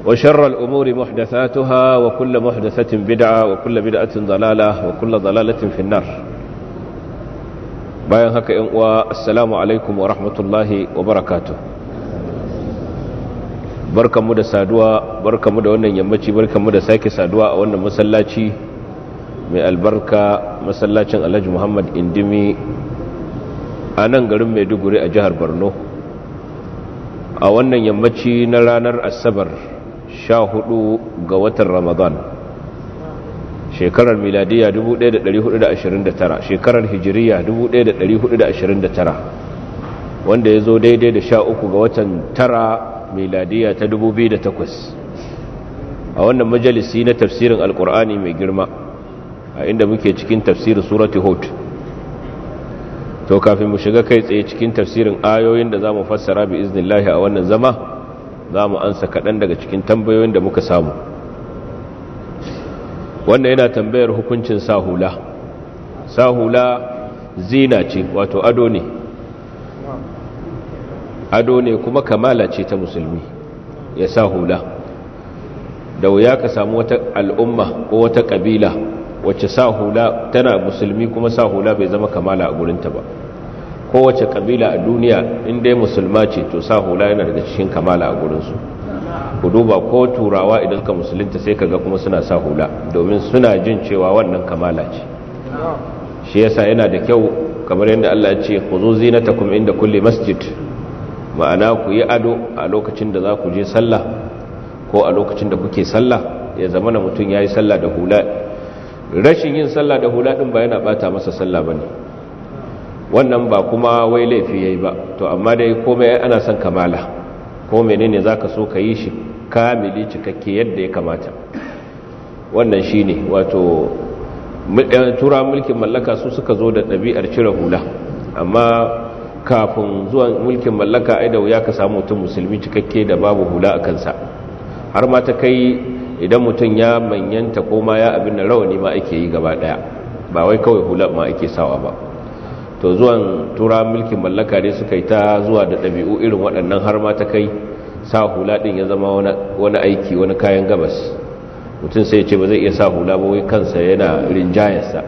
وشر الأمور محدثاتها وكل محدثة بدعة وكل بدعة ضلالة وكل ضلالة في النار bayan haka ‘yan uwa assalamu alaikum wa rahmatullahi wa barakatu barkamu da saduwa barkamu da wannan yammaci barkamu da sake saduwa a wannan masallaci mai albarka masallacin alhaji muhammad indimi a nan garin maiduguri a jihar borno a wannan yammaci na ranar asabar sha hudu ga watan ramadan shekarar miladiya 1429 shekarar hijiriya 1429 wanda ya zo daidai da sha uku ga watan tara miladiya ta 2008 a wannan majalisi na tafsirin alkur'ani mai girma a inda muke cikin tafsirin surati hud to kafin mu shiga kai tsaye cikin tafsirin ayoyin da za mu fassara bi iznillahi a wannan zama za mu ansa kaɗan daga cikin tambayoyin da muka samu wannan yana tambayar hukuncin sahula sahula zina ce wato ado ne ado ne kuma kamala ce ta musulmi ya sahula da wuya ka samu wata al'umma ko wata ƙabila wacce sahula tana musulmi kuma sahula bai zama kamala a gurinta ba kowace kabila a duniya in dai musulma ce to sa hula yana daga cikin kamala a gurinsu ku duba ko turawa idan ka musulunta sai ka ga kuma suna sa hula domin suna jin cewa wannan kamala ce shi yasa yana da kyau kamar yadda Allah ya ce ku khuzu zinatakum inda kulli masjid ma'ana ku yi ado a lokacin da za ku je sallah ko a lokacin da kuke sallah ya zama na mutum ya yi sallah da hula rashin yin sallah da hula din ba yana ɓata masa sallah ba ne wannan ba kuma wai laifi yayi ba to amma dai komai ana son kamala ko menene ka so ka yi shi kamili cikakke yadda ya kamata wannan shine wato eh, tura mulkin mallaka su suka zo da ɗabi'ar cire hula amma kafin zuwan mulkin mallaka ai da wuya ka samu mutum musulmi cikakke da babu hula a kansa har ma ta kai idan mutum ya manyanta ko ma ya abin da rawani ma ake yi gaba ɗaya ba wai kawai hula ma ake sawa ba to zuwan tura mulkin mallaka ne suka yi ta zuwa da ɗabi'u irin waɗannan har ma ta kai sa hula ɗin ya zama wani aiki wani kayan gabas mutum sai ce ba zai iya sa hula ba wai kansa yana rinjayensa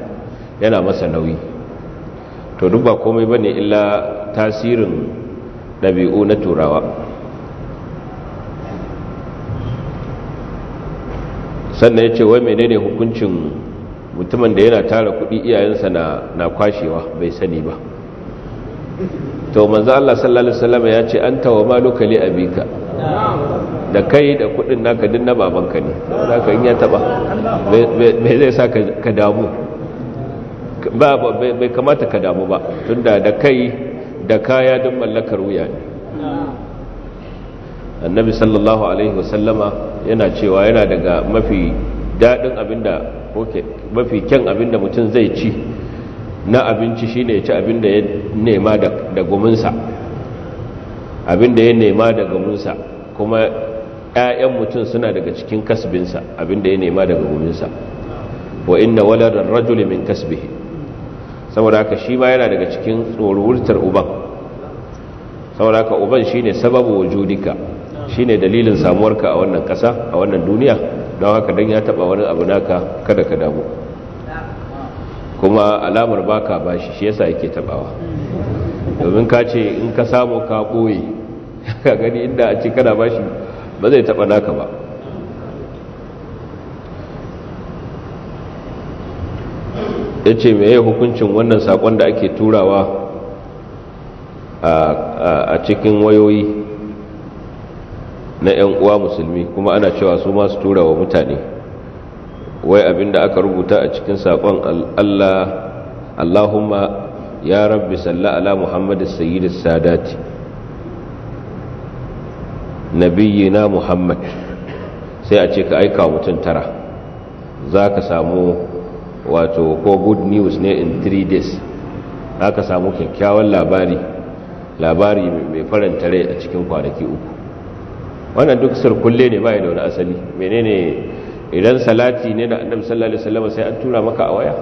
yana masa nauyi to duk ba komai ba ne illa tasirin ɗabi'u na turawa sannan ya ce wai menene hukuncin mutumin da yana tara kuɗi iyayensa na kwashewa bai sani ba to manzo Allah sallallahu alaihi wasallam ya ce anta wa maluka li abika da kai da kuɗin naka din na babanka ne zaka in ya taba me zai sa ka damu ba bai kamata ka damu ba tunda da kai da kaya din mallakar wuya ne annabi sallallahu alaihi wasallama yana cewa yana daga mafi dadin abinda mafi kyan abinda mutum zai ci na abinci shine ya ci abinda ya nema da Abin abinda ya nema da gominsa kuma 'ya'yan mutum suna daga cikin kasbinsa abinda ya nema daga guminsa wa inna waladar rajuli min kasbihi saboda haka shi ma yana daga cikin tsoruwurtar uban saboda haka uban shine sababu wujudika shine dalilin samuwarka a wannan ƙasa a wannan duniya don haka don ya taba wani abu naka kada ka damu kuma alamar baka bashi shi yasa yake tabawa domin ka ce in ka samu ka ɓoye ka gani inda a ce kana bashi ba zai taba naka ba ya ce mai hukuncin wannan sakon da ake turawa a cikin wayoyi na 'yan uwa musulmi kuma ana cewa su masu tura wa mutane wai abinda aka rubuta a cikin saƙon Allah Allahumma ya rabbi salla ala Muhammad sayyid sadati nabiyina Muhammad sai a ce ka aika mutum tara za ka samu wato ko good news ne in 3 days za ka samu kyakkyawan labari labari mai faranta rai a cikin kwanaki uku wannan duk surkulle ne bai da wani asali menene idan salati ne da annabi sallallahu alaihi wasallam sai an tura maka a waya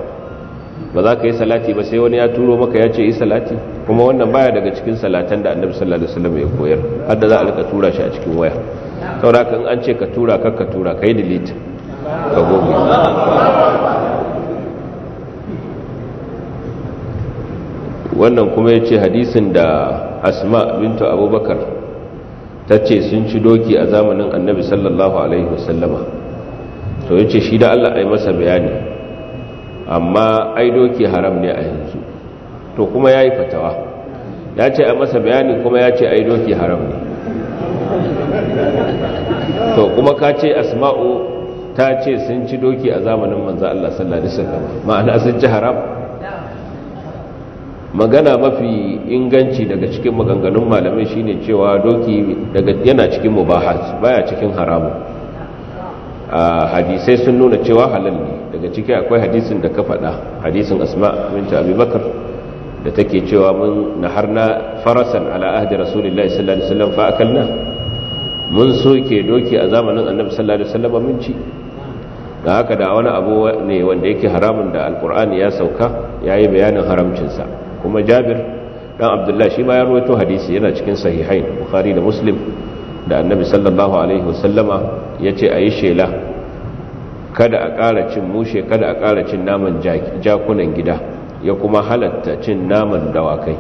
ba za ka yi salati ba sai wani ya turo maka ya ce yi salati kuma wannan baya daga cikin salatan da annabi sallallahu alaihi wasallam ya koyar har da za a rika tura shi a cikin waya saboda kan an ce ka tura kar ka tura kai delete ka goge wannan kuma ya ce hadisin da asma bintu abubakar ta ce sun ci doki a zamanin annabi sallallahu alaihi wasallama to yace shi da Allah ai masa bayani amma ai doki haram ne a yanzu to kuma yayi fatawa ya ce a masa bayani kuma ya ce ai doki haram ne to kuma ka ce asma'u ta ce sun ci doki a zamanin manzo Allah sallallahu alaihi wasallama ma'ana sun ci haram magana mafi inganci daga cikin maganganun malamai shine cewa doki daga yana cikin mubahat baya cikin haramu hadisai sun nuna cewa halal ne daga ciki akwai hadisin da ka faɗa hadisin asma minta abubakar da take cewa mun naharna farasan ala ahdi rasulullahi sallallahu alaihi wasallam fa akalna mun soke doki a zamanin annabi sallallahu alaihi wasallam mun ci da haka da wani abu ne wanda yake haramun da alkur'ani ya sauka ya yi bayanin haramcinsa kuma jabir dan abdullah shi ma ya rawaito hadisi yana cikin sahihain bukhari da muslim da annabi sallallahu alaihi wasallama a yi shela kada a ƙara cin mushe kada a ƙara cin naman jakunan gida ya kuma halatta cin naman dawakai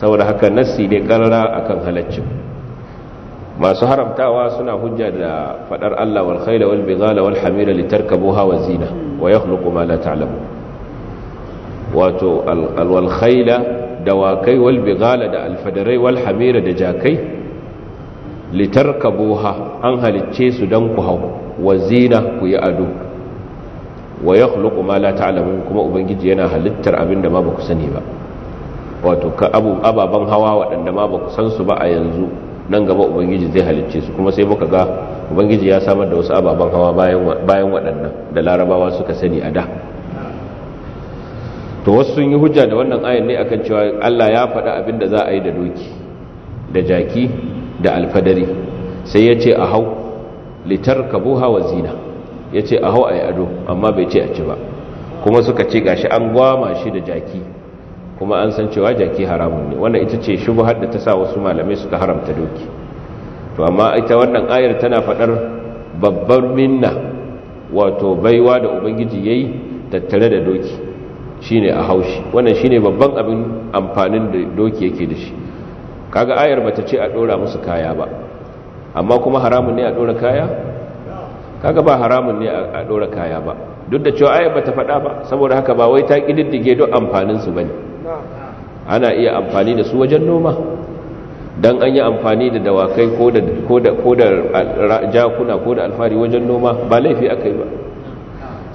saboda haka nassi ne karara akan halaccin masu haramtawa suna hujja da fadar Allah wal khayla wal bighala wal hamira litarkabuha wa zina wa yakhluqu ma la wato alwalkhaila dawakai walbigala da alfadarai walhamira da jakai litarkabuha an halicce su dan ku hau wa zina ku yi ado wa ya khuluqu ma la ta'lamun kuma ubangiji yana halittar abinda ma baku sani ba wato ka abu ababan hawa waɗanda ma baku san su ba a yanzu nan gaba ubangiji zai halicce su kuma sai muka ga ubangiji ya samar da wasu ababen hawa bayan waɗannan da larabawa suka sani a da to wasu sun yi hujja da wannan ayin ne akan cewa Allah ya faɗa abin da za a yi da doki da jaki da alfadari sai ya ce a hau litar kabuha wa zina ya ce a hau a yi ado amma bai ce a ci ba kuma suka ce gashi an gwama shi da jaki kuma an san cewa jaki haramun ne wannan ita ce har da ta sa wasu malamai suka haramta doki to amma ita wannan ayar tana faɗar babbar minna wato baiwa da ubangiji yayi tattare da doki shine a haushi wannan shine babban abin amfanin da doki yake da shi kaga ayar bata ce a dora musu kaya ba amma kuma haramun ne a dora kaya kaga ba haramun ne a dora kaya ba duk da cewa ayar bata faɗa ba saboda haka ba wai ta kididdige duk amfanin su bane ana iya amfani da su wajen noma dan an yi amfani da dawakai ko da jakuna ko da alfari wajen noma ba laifi akai ba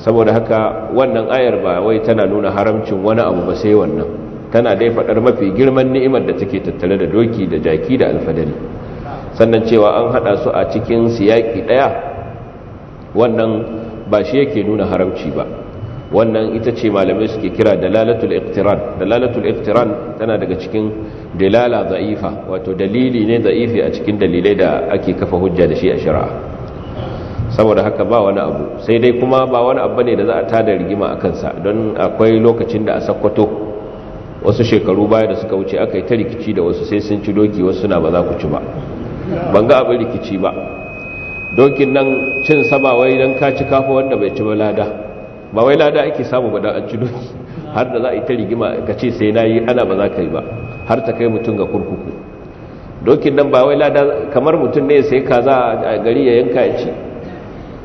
saboda haka wannan ayar ba wai tana nuna haramcin wani abu ba sai wannan tana dai faɗar mafi girman ni'imar da take tattare da doki da jaki da alfadari sannan cewa an haɗa su a cikin siyaki ɗaya wannan ba shi yake nuna haramci ba wannan ita ce malamai suke kira dalalatul iqtiran dalalatul iqtiran tana daga cikin dalala za'ifa wato dalili ne za'ifi a cikin dalilai da ake kafa hujja da shi a shari'a saboda haka ba wani abu sai dai kuma ba wani abu ne da za a tada rigima a kansa don akwai lokacin da a sakwato wasu shekaru baya da suka wuce aka yi ta rikici da wasu sai sun ci doki wasu na ba za ku ci ba ban ga abin rikici ba dokin nan cin saba wai don ka ci kafa wanda bai ci ba lada ba wai lada ake samu ba don an ci doki har da za a yi ta rigima ka ce sai na yi ana ba za ka yi ba har ta kai mutum ga kurkuku dokin nan ba wai lada kamar mutum ne sai kaza a gari ya yanka ya ci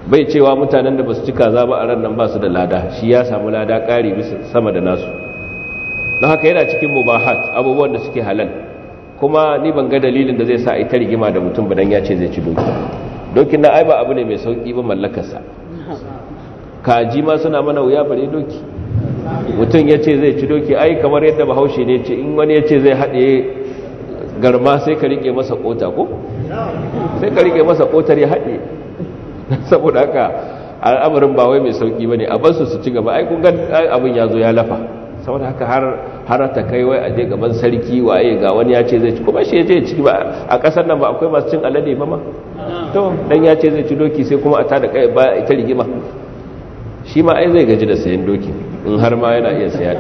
bai cewa mutanen da ba su ci kaza ba a ran nan ba su da lada shi ya samu lada ƙari bisa sama da nasu don haka yana cikin mubahat abubuwan da suke halal kuma ni ban ga dalilin da zai sa ita rigima da mutum ba dan ya ce zai ci doki dokin na ai ba abu ne mai sauki ba mallakarsa kaji ma suna mana wuya bare doki mutum ya ce zai ci doki ai kamar yadda bahaushe ne ce in wani ya ce zai haɗe garma sai ka rike masa kota ko sai ka rike masa kotar ya haɗe saboda haka al'amarin ba wai mai sauki ne a basu su ci gaba ai kun ga abin ya zo ya lafa saboda haka har har ta kai wai a je gaban sarki waye ga wani ya ce zai ci kuma shi ya je ci ba a kasar nan ba akwai masu cin alade ba ma to dan ya ce zai ci doki sai kuma a tada kai ba ita rigima shi ma ai zai gaji da sayan doki in har ma yana iya saya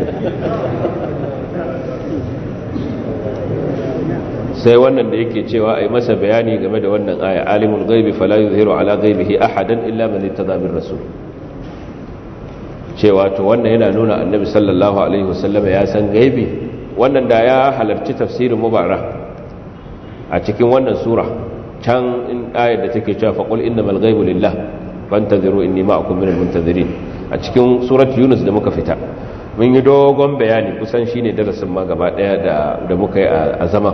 sai wannan da yake cewa ai masa bayani game da wannan aya alimul ghaibi fala yuzhiru ala ghaibihi ahadan illa man ittaba bir rasul cewa to wannan yana nuna annabi sallallahu alaihi wasallam ya san gaibi wannan da ya halarci tafsirin mubara. a cikin wannan sura can in ayar da take cewa faqul innamal gaibu lillah fantaziru inni ma'akum minal muntazirin a cikin surat yunus da muka fita mun yi dogon bayani kusan shine darasin ma gaba daya da muka yi a zama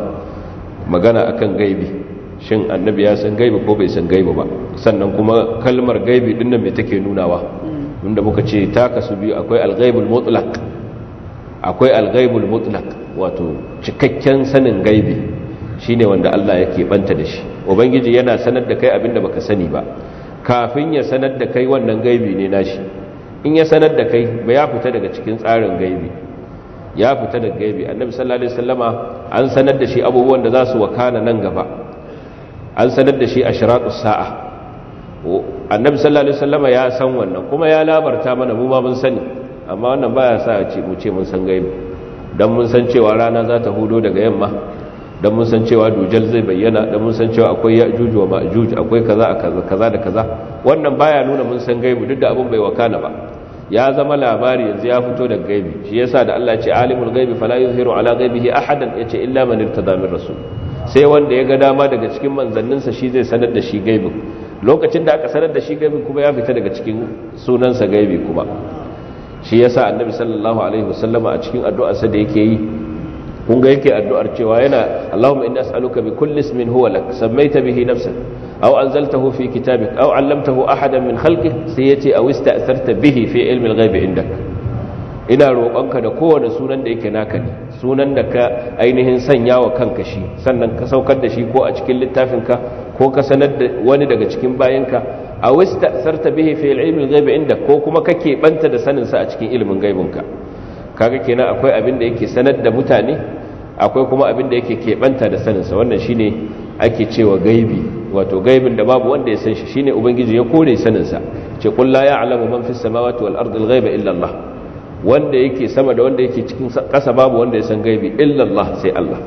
magana akan gaibi shin annabi ya san gaibi ko bai san gaibi ba sannan kuma kalmar gaibi din nan me take nunawa inda hmm. muka ce ta kasu biyu akwai algaibul mutlak mutlaq akwai al wato cikakken sanin gaibi shine wanda Allah yake banta da shi ubangiji yana sanar da kai abinda baka sani ba kafin ya sanar da kai wannan gaibi ne nashi in ya sanar da kai ba ya fita daga cikin tsarin gaibi ya fita da gaibi annabi sallallahu alaihi wasallama an sanar da shi abubuwan da za su wakana nan gaba an sanar da shi ashratus sa'a annabi sallallahu alaihi wasallama ya san wannan kuma ya labarta mana mu ma mun sani amma wannan baya sa a ce mu ce mun san gaibi dan mun san cewa rana za ta hudo daga yamma dan mun san cewa dujal zai bayyana dan mun san cewa akwai ya'juj wa ma'juj akwai kaza kaza da kaza wannan baya nuna mun san gaibi duk da abun bai wakana ba ya zama labari yanzu ya fito da gaibi shi yasa da Allah ce alimul gaibi fala yuzhiru ala gaibihi ahadan yace illa man irtada min rasul sai wanda ya ga dama daga cikin manzanninsa shi zai sanar da shi gaibin lokacin da aka sanar da shi gaibin kuma ya fita daga cikin sunansa gaibi kuma shi yasa annabi sallallahu alaihi wasallama a cikin addu'arsa da yake yi kun ga yake addu'ar cewa yana Allahumma inni as'aluka bi kulli ismin huwa lak sammaita bihi nafsak aw anzaltahu fi kitabik aw 'allamtahu ahadan min khalqik sai yace aw ista'tharta bihi fi ilmi al-ghaib indak ina roƙonka da kowane sunan da yake naka ne sunan da ka ainihin sanya wa kanka shi sannan ka saukar da shi ko a cikin littafinka ko ka sanar da wani daga cikin bayanka aw ista'tharta bihi fi ilmi al-ghaib indak ko kuma kake banta da sanin sa a cikin ilmin gaibinka kaga kenan akwai abin da yake sanar da mutane akwai kuma abin da yake keɓanta da saninsa wannan shine ake cewa gaibi wato gaibin da babu wanda ya san shi shine ubangiji ya kone saninsa ce qul la ya'lamu man fis samawati wal ardi al ghaiba illa Allah wanda yake sama da wanda yake cikin ƙasa babu wanda ya san gaibi illa Allah sai Allah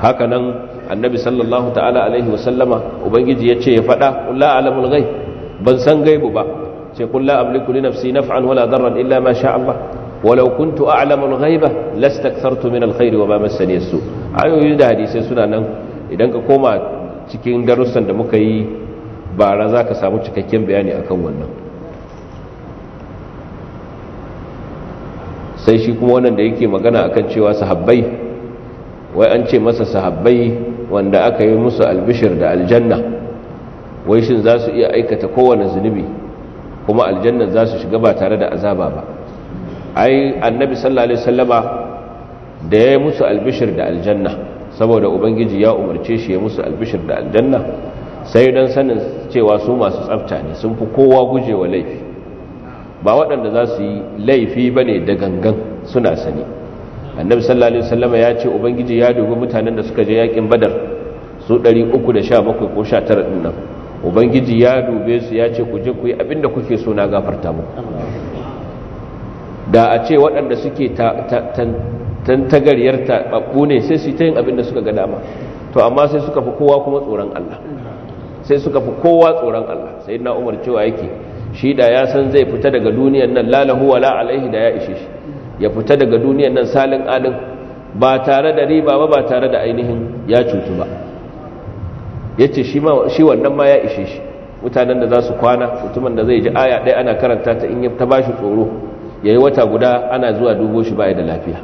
haka nan annabi sallallahu ta'ala alaihi wa sallama ubangiji ya ce ya faɗa qul la a'lamu al ghaib ban san gaibu ba ce qul la amliku li naf'an wala darran illa ma sha Allah walau kuntu a'lamu al-ghaiba lastakthartu min al-khairi wa ma massani as-su ayoyi da hadisi suna nan idan ka koma cikin darussan da muka yi bara za ka samu cikakken bayani akan wannan sai shi kuma wannan da yake magana akan cewa sahabbai wai an ce masa sahabbai wanda aka yi musu albishir da aljanna wai shin za su iya aikata kowane zunubi kuma aljanna za su shiga ba tare da azaba ba ai annabi sallallahu alaihi wasallama da ya musu albishir da aljanna saboda ubangiji ya umarce shi ya musu albishir da aljanna sai dan sanin cewa su masu tsafta ne sun fi kowa wa laifi ba waɗanda za su yi laifi ba ne da gangan suna sani annabi sallallahu alaihi wasallama ya ce ubangiji ya dubi mutanen da suka je yakin badar su 317 ko 19 ɗin nan ubangiji ya dube su ya ce ku je ku yi abinda kuke so na gafarta mu da a ce waɗanda suke tantagaryar babu ne sai su yi ta yin abinda suka ga dama to amma sai suka fi kowa kuma tsoron Allah sai suka fi kowa tsoron Allah sai na umar cewa yake shi da ya san zai fita daga duniyan nan lalahu wala alaihi da ya ishe shi ya fita daga duniyar nan salin alin ba tare da riba ba ba tare da ainihin ya cutu ba ya ce shi wannan ma ya ishe shi mutanen da za su kwana mutumin da zai ji aya ɗaya ana karanta ta in ta ba shi tsoro ya yi wata guda ana zuwa dubo shi ba da lafiya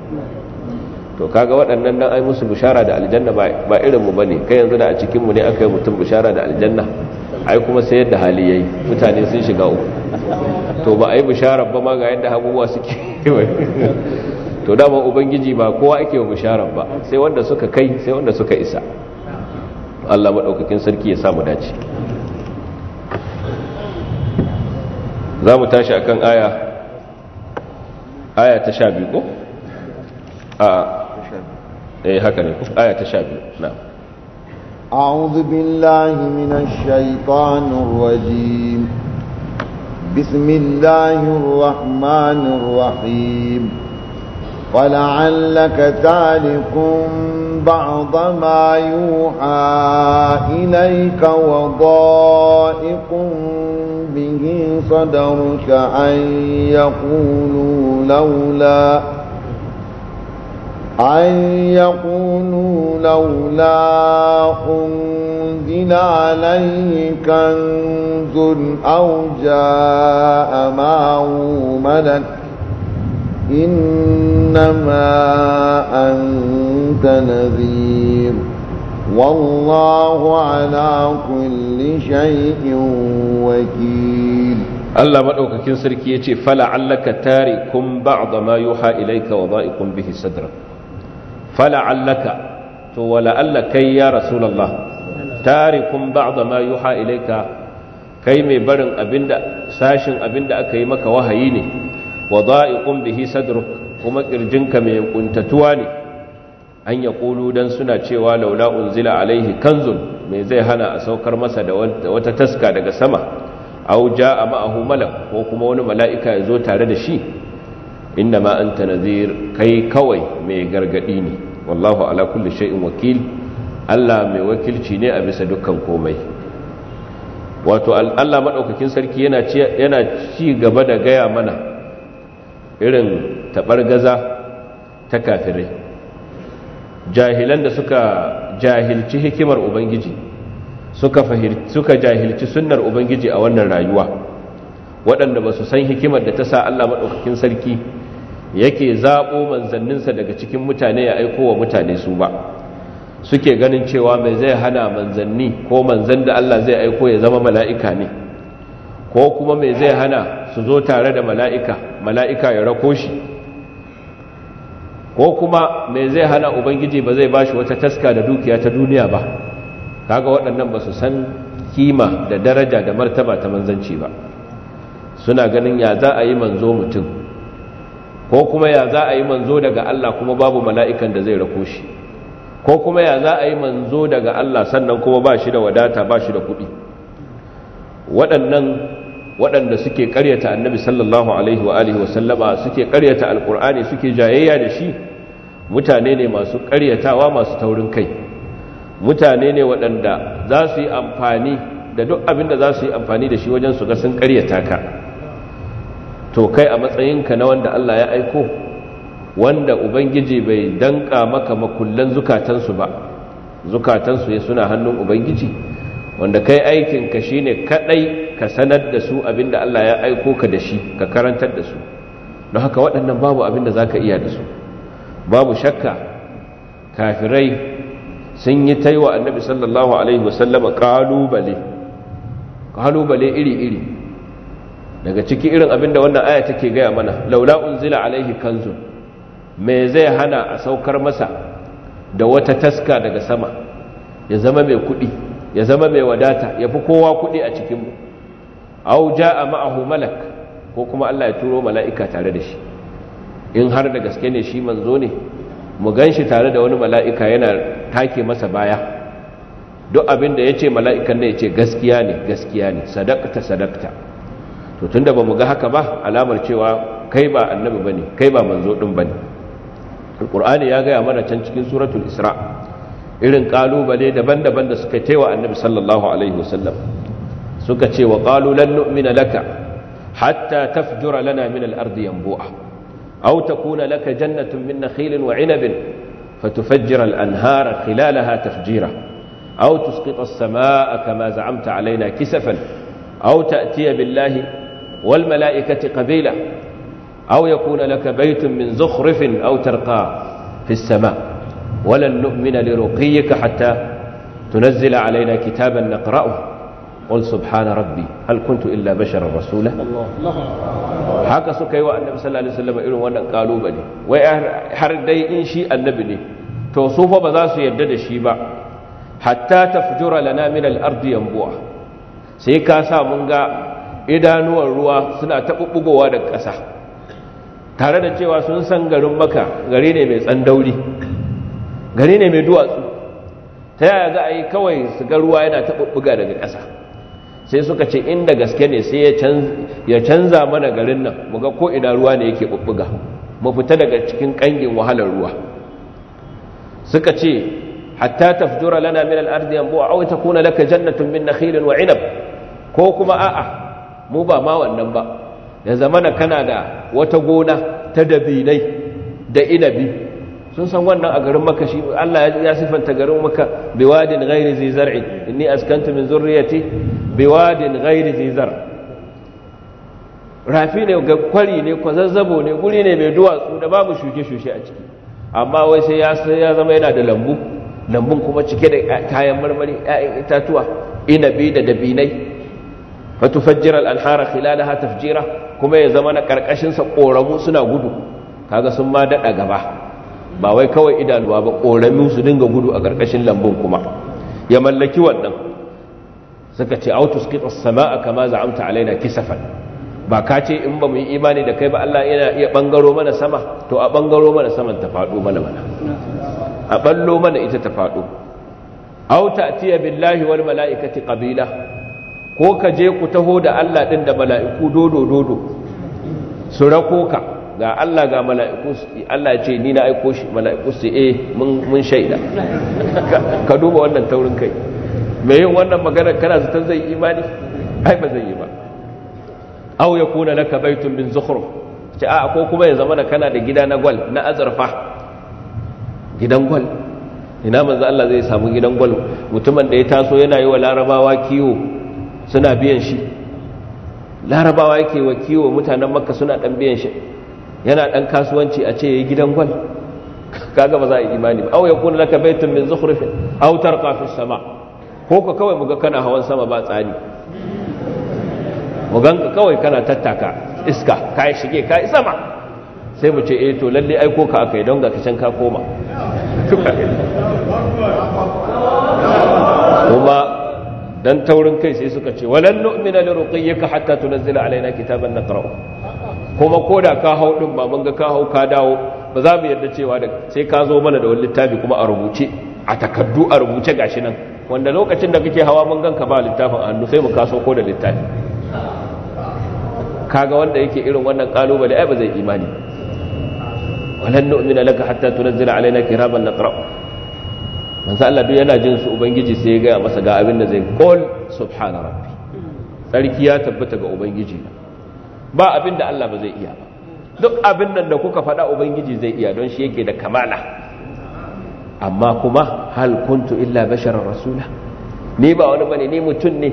to kaga waɗannan nan ai musu bishara da aljanna ba irinmu ba ne kai yanzu da a cikinmu ne aka yi mutum bishara da aljanna ai kuma sai yadda hali ya yi mutane sun shiga uku to ba ai bishara ba ma ga yadda abubuwa suke to dama ubangiji ba kowa ake yi bishara ba sai wanda suka kai sai wanda suka isa Allah maɗaukakin sarki ya samu dace za mu tashi akan aya aya ta sha biyu ko? a ya eh, yi haka ne ko aya ta sha biyu na a'udhu billahi minan shaitanin rajim bismillahirrahmanirrahim rahmanin rahim ولعلك تارك بعض ما يوحى إليك وضائق به صدرك أن يقولوا لولا أن يقولوا لولا أنزل عليه كنز أو جاء معه ملك إنما أنت نذير والله على كل شيء وكيل Allah maɗaukakin sarki ya ce fala'allaka tare kun ba'da ma yuha ilaika wa za'ikun bihi sadra fala'allaka to wala'allakai ya rasulallah tare kun ba'da ma yuha ilaika kai mai barin abinda sashin abinda aka yi maka wahayi ne wa da'iqun bihi sadruk kuma kirjinka mai kuntatuwa ne an ya kulu dan suna cewa laula unzila alaihi kanzun me zai hana a saukar masa da wata taska daga sama aw jaa ma'ahu malak ko kuma wani mala'ika ya zo tare da shi inna ma anta nadhir kai kawai mai gargadi ne wallahu ala kulli shay'in wakil Allah mai wakilci ne a bisa dukkan komai wato Allah madaukakin sarki yana ci gaba da gaya mana irin tabar gaza ta kafirai jahilan da suka jahilci hikimar ubangiji suka suka jahilci sunnar ubangiji a wannan rayuwa waɗanda ba su san hikimar da ta sa Allah maɗaukakin sarki yake zaɓo manzanninsa daga cikin mutane ya aiko wa mutane su ba suke ganin cewa mai zai hana manzanni ko manzan da Allah zai aiko ya zama mala'ika ne ko kuma mai zai hana su zo tare da mala'ika mala'ika ya rako shi ko kuma mai zai hana ubangiji ba zai ba shi wata taska da dukiya ta duniya ba kaga waɗannan ba su san kima da daraja da martaba ta manzanci ba suna ganin ya za a yi manzo mutum ko kuma ya za a yi manzo daga Allah kuma babu mala'ikan da zai rako shi ko kuma ya za a yi manzo daga Allah sannan kuma ba shi da wadata ba shi da kuɗi waɗannan waɗanda suke ƙaryata annabi sallallahu alaihi wa alihi wasallama suke ƙaryata alƙur'ani suke jayayya da shi mutane ne masu ƙaryatawa masu taurin kai mutane ne waɗanda za su yi amfani da duk abin da za su yi amfani da shi wajen su ga sun ƙaryata ka to kai a matsayinka na wanda Allah ya aiko wanda ubangiji bai danka maka makullan zukatansu ba zukatansu ya suna hannun ubangiji wanda kai aikinka shine kadai ka sanar da su abinda Allah ya aiko ka da shi ka karantar da su don haka waɗannan babu abinda zaka iya da su babu shakka kafirai sun yi taiwa annabi sallallahu alaihi wasallama kalubale kalubale iri-iri daga ciki irin abinda wannan aya take gaya mana laula unzila alaihi kanzun me zai hana a saukar masa da wata taska daga sama ya zama mai kuɗi ya zama mai wadata ya fi kowa kuɗi a cikinmu au a ma'ahu malak ko kuma Allah ya turo mala'ika tare da shi in har da gaske ne shi manzo ne mu ganshi tare da wani mala'ika yana take masa baya duk abin da ce mala'ikan ne yace gaskiya ne gaskiya ne sadakta-sadakta. to tunda bamu ga haka ba alamar cewa kai ba annabi bane kai ba manzo din bane alqur'ani ya ga mana can cikin suratul isra' irin kalubale daban-daban da suka tewa annabi sallallahu alaihi wasallam suka ce wa qalu lan nu'mina laka hatta tafjura lana min al-ard yanbu'a aw takuna laka jannatun min nakhilin wa 'inabin fatufajjira al-anhara khilalaha tafjira aw tusqita as-samaa'a kama za'amta alaina kisafan aw ta'tiya billahi wal mala'ikati qabila aw yakuna laka baytun min zukhrifin aw tarqa fi as-sama' ولن نؤمن لرقيك حتى تنزل علينا كتابا نقرأه قل سبحان ربي هل كنت إلا بشرا رسولا haka suka yi wa annabi sallallahu alaihi irin wannan kalubale wai har dai in shi annabi ne to su fa ba za su yarda da shi ba hatta tafjura lana min al-ardi yanbu'a sai ka sa mun ga idanuwar ruwa suna ta da daga ƙasa tare da cewa sun san garin maka gari ne mai tsandauri gari ne mai duwatsu ta yaya za a yi kawai su ga ruwa yana taɓuɓɓuga daga ƙasa sai suka ce inda gaske ne sai ya canza mana garin nan muga ga ko ina ruwa ne yake ɓuɓɓuga mu fita daga cikin ƙangin wahalar ruwa suka ce hatta tafjura lana min al-ardi yanbu aw kuna laka jannatun min nakhilin wa 'inab ko kuma a'a mu ba ma wannan ba ya zamana kana da wata gona ta dabinai da inabi sun san wannan a garin maka shi Allah ya sifanta garin maka biwadin ghairi zai zar'i inni askanta min zurriyati biwadin ghairi zai zar rafi ne ga kwari ne kwazazzabo ne guri ne mai duwatsu da babu shuke-shuke a ciki amma wai sai ya zama yana da lambu lambun kuma cike da kayan marmari ‘ya'yan itatuwa inabi da dabinai fatu fajjirar alhara khilalaha tafjira kuma ya zama na karkashin sa koramu suna gudu kaga sun ma daɗa gaba ba wai kawai idanuwa ba ƙoramin su dinga gudu a ƙarƙashin lambun kuma ya mallaki wannan suka ce autus kitas sama'a kama za'amta alaina kisafan ba ka ce in ba mu yi imani da kai ba Allah yana iya ɓangaro mana sama to a ɓangaro mana saman ta faɗo mana mana a ballo mana ita ta faɗo au ta'tiya billahi wal mala'ikati qabila ko ka je ku taho da Allah din da mala'iku dodo dodo su rako ka ga Allah ga mala'iku Allah ce ni na aiko shi mala'iku su eh mun shaida ka duba wannan taurin kai me yin wannan magana kana zaton zai imani ai ba zai yi ba aw yakuna laka kabaitun min zukhruf ce a ko kuma ya zama da kana da gida na gwal na azurfa gidan gwal ina manzo Allah zai samu gidan gwal mutumin da ya taso yana yi wa larabawa kiwo suna biyan shi larabawa yake wa kiwo mutanen makka suna dan biyan shi yana dan kasuwanci a ce yayi gidan gwal kaga ba za a yi imani ba aw yakun laka baytun min zukhrifin aw tarqa fi sama ko ka kawai muga kana hawan sama ba tsani mugan ka kawai kana tattaka iska kai shige ka kai sama sai mu ce eh to lalle ai ko ka yi don ga ka ka koma kuma dan taurin kai sai suka ce walan nu'mina liruqiyyaka hatta tunzila alaina kitaban naqra'u kuma ko da ka hau din ba mun ga ka hau ka dawo ba za mu yarda cewa da sai ka zo mana da wani littafi kuma a rubuce a takaddu a rubuce gashi nan wanda lokacin da kake hawa mun ganka ba littafin hannu sai mu kaso ko da littafi kaga wanda yake irin wannan kalubale ai ba zai imani walan nu'mina laka hatta tunzila alaina kiraban naqra manzo Allah duk yana jin su ubangiji sai ya ga masa ga abin da zai qul subhana rabbi ya tabbata ga ubangiji na ba abin da Allah ba zai iya ba duk abin nan da kuka faɗa ubangiji zai iya don shi yake da kamala amma kuma hal kuntu illa basharar rasula ni ba wani bane ni mutum ne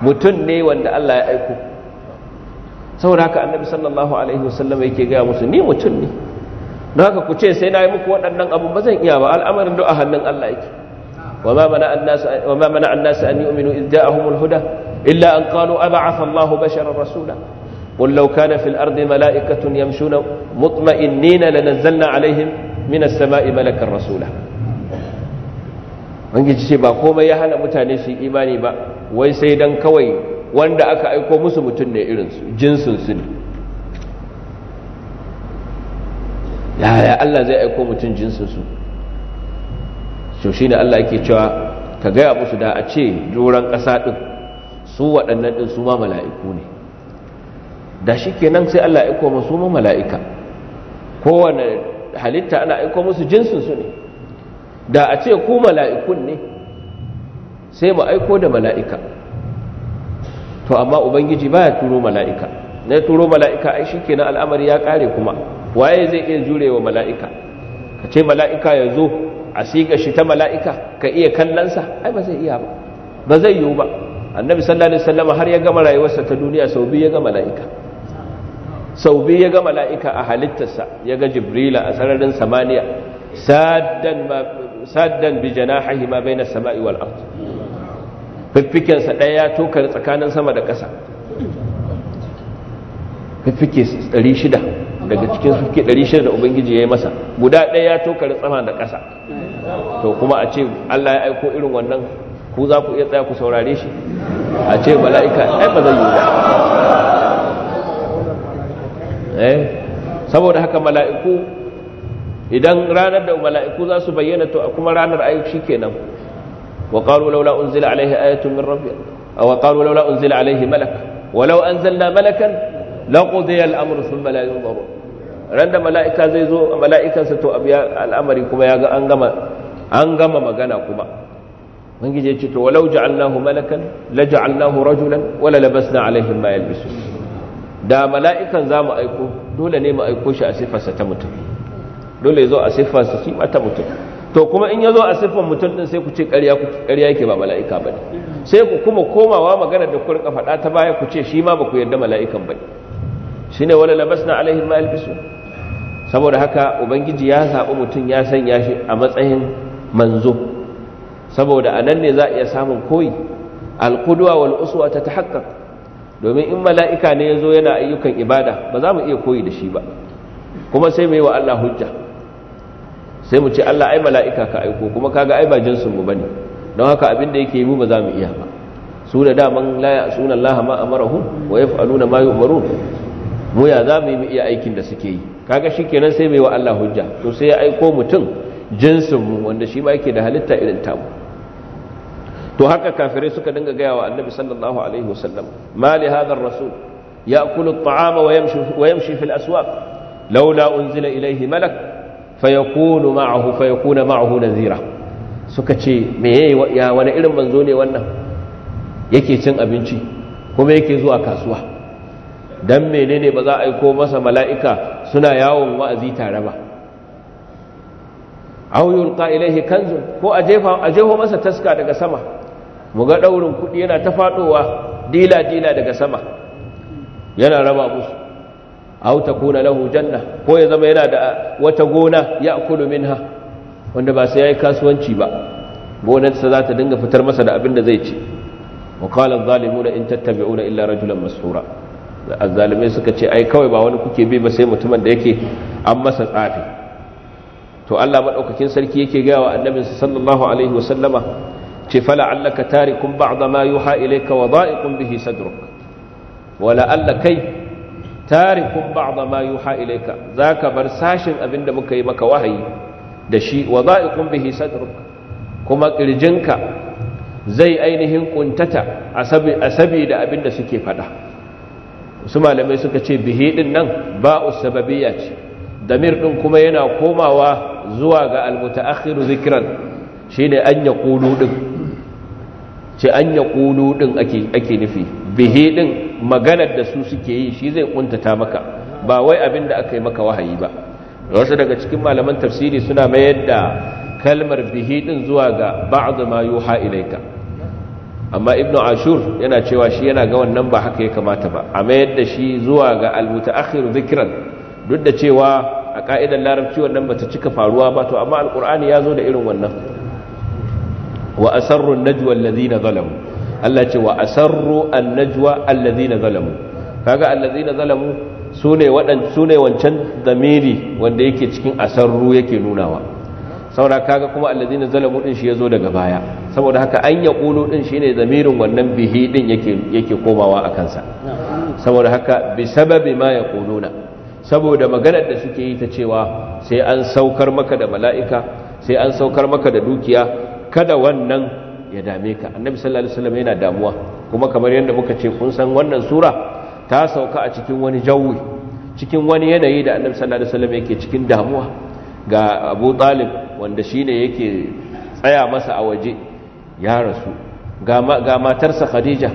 mutum ne wanda Allah ya aiko saboda haka annabi sallallahu alaihi wasallam yake gaya musu ni mutum ne don haka ku ce sai na yi muku waɗannan abu ba zan iya ba al'amarin du'a hannun Allah yake وما منع الناس وما منع الناس ان يؤمنوا اذ جاءهم الهدى الا ان قالوا ابعث الله بشرا رسولا قل لو كان في الأرض ملائكة يمشون مطمئنين لنزلنا عليهم من السماء ملكا رسولا ubangiji ce ba komai ya hana mutane su imani ba wai sai dan kawai wanda aka aiko musu mutum ne irinsu jinsinsu ne yaya Allah zai aiko mutum jinsinsu So shi ne Allah yake cewa ka gaya musu da a ce doron ƙasa ɗin su waɗannan ɗin su ma mala'iku ne da shi kenan sai Allah ya aiko masu mu mala'ika kowane halitta ana aiko musu jinsinsu ne da a ce ku mala'ikun ne sai mu aiko da mala'ika to amma ubangiji ba ya turo mala'ika na ya turo mala'ika ai shi kenan al'amari ya kare kuma waye zai iya jurewa mala'ika ka ce mala'ika ya zo a siga shi ta mala'ika ka iya kallonsa ai ba zai iya ba ba zai yiwu ba annabi sallallahu alaihi wasallam har ya gama rayuwarsa ta duniya sau biyu ya ga mala'ika sau biyu ya ga mala'ika a halittarsa ya ga jibrila a sararin samaniya saddan bi janahihi ma na sama'i wal ard fiffiken ɗaya ya tokar tsakanin sama da ƙasa fiffike 600 daga cikin fiffike 600 da ubangiji ya yi masa guda ɗaya ya tokar sama da ƙasa to kuma a ce Allah ya aiko irin wannan ku za ku iya tsaya ku saurare shi a ce mala'ika ai ba zai yi ba Eh? saboda haka mala'iku idan ranar da mala'iku za su bayyana to a kuma ranar ayyuk shi kenan wa ƙaru laula unzila alaihi ayatun min a wa ƙaru laula unzila alaihi malak walau an zanna malakan laƙudai al'amur sun mala'in baro ran da mala'ika zai zo a mala'ikansa to abu al'amari kuma ya ga an gama magana kuma wangije ce to walau ja'alnahu malakan la ja'alnahu rajulan wala labasna alaihim ma yalbisun da mala'ikan za mu aiko dole ne mu aiko shi a siffarsa ta mutum dole ya zo a siffarsa shi ta mutum to kuma in ya zo a siffar mutum ɗin sai ku ce ƙarya yake ba mala'ika ba sai ku kuma komawa magana da kurka faɗa ta baya ku ce shi ma ba ku yarda mala'ikan ba ne shi ne wani labas na alaihin ma'albisu saboda haka ubangiji ya zaɓi mutum ya sanya shi a matsayin manzo saboda a nan ne za a iya samun koyi alkuduwa wal uswa ta haka. domin in mala'ika ne ya zo yana ayyukan ibada ba za mu iya koyi da shi ba kuma sai mu wa Allah hujja sai mu ce Allah ai mala'ika ka aiko kuma kaga ai ba jinsin mu ne? don haka abin da yake yi mu ba za mu iya ba su da daman a sunan Allah ma marahun wa na mayu yu'marun mu ya za mu iya aikin da suke yi kaga shi kenan sai mu yi wa Allah hujja to sai ya aiko mutum jinsin mu wanda shi ma yake da halitta irin tamu to haka kafirai suka dinga gaya wa annabi sallallahu alaihi wasallam ma li hadha ar-rasul ya'kulu at-ta'ama wa yamshi wa yamshi fil aswaq laula unzila ilayhi malak fayakunu ma'ahu fayakuna ma'ahu nadhira suka ce me ya wani irin manzo ne wannan yake cin abinci kuma yake zuwa kasuwa dan menene ba za a aiko masa mala'ika suna yawon wa'azi tare ba aw yulqa ilayhi kanzun ko a jefa a jeho masa taska daga sama mu ga daurin kuɗi yana ta faɗowa dila-dila daga sama yana raba musu au ta lahu janna ko ya zama yana da wata gona ya kulu minha wanda ba sai ya yi kasuwanci ba gonarsa za ta dinga fitar masa da abin da zai ci wa qala adh-dhalimuna in tattabi'una illa rajulan masura azzalimai suka ce ai kawai ba wani kuke bi ba sai mutumin da yake an masa tsafi to Allah madaukakin sarki yake ga wa annabinsa sallallahu alaihi wasallama ce fala allaka tarikun ba'da ma yuha ilayka wa da'iqun bihi sadruk wala allakai tarikun ba'da ma yuha ilayka zaka bar sashin abinda muka yi maka wahayi da shi wa da'iqun bihi sadruk kuma kirjinka zai ainihin kuntata a sabida abinda suke fada su malamai suka ce bihi din nan ba'u sababiyya ce damir din kuma yana komawa zuwa ga almutaakhir zikran shine an kulu din ce an ya ƙulu ɗin ake nufi bihe ɗin maganar da su suke yi shi zai ƙuntata maka ba wai abin da aka yi maka wahayi ba wasu daga cikin malaman tafsiri suna mayar da kalmar bihe ɗin zuwa ga ba'ad ma yuha ilaika amma ibn ashur yana cewa shi yana ga wannan ba haka ya kamata ba a mayar da shi zuwa ga almutaakhir zikran duk da cewa a ka'idar larabci wannan bata cika faruwa ba to amma alqur'ani ya zo da irin wannan wa asarru najwa allazina zalamu Allah ce wa asarru annajwa allazina zalamu kaga allazina zalamu sune wadan sune wancan zamiri wanda yake cikin asarru yake nunawa saboda kaga kuma allazina zalamu din shi yazo daga baya saboda haka an kulu din shine zamirin wannan bihi din yake yake komawa a kansa saboda haka bi sababi ma yaquluna saboda maganar da suke yi ta cewa sai an saukar maka da mala'ika sai an saukar maka da dukiya kada wannan ya dame ka annabi sallallahu alaihi wasallam yana damuwa kuma kamar yadda muka ce kun san wannan sura ta sauka a cikin wani jawi cikin wani yanayi da annabi sallallahu alaihi wasallam yake cikin damuwa ga Abu Talib wanda shine yake tsaya masa a waje ya rasu ga matarsa Khadija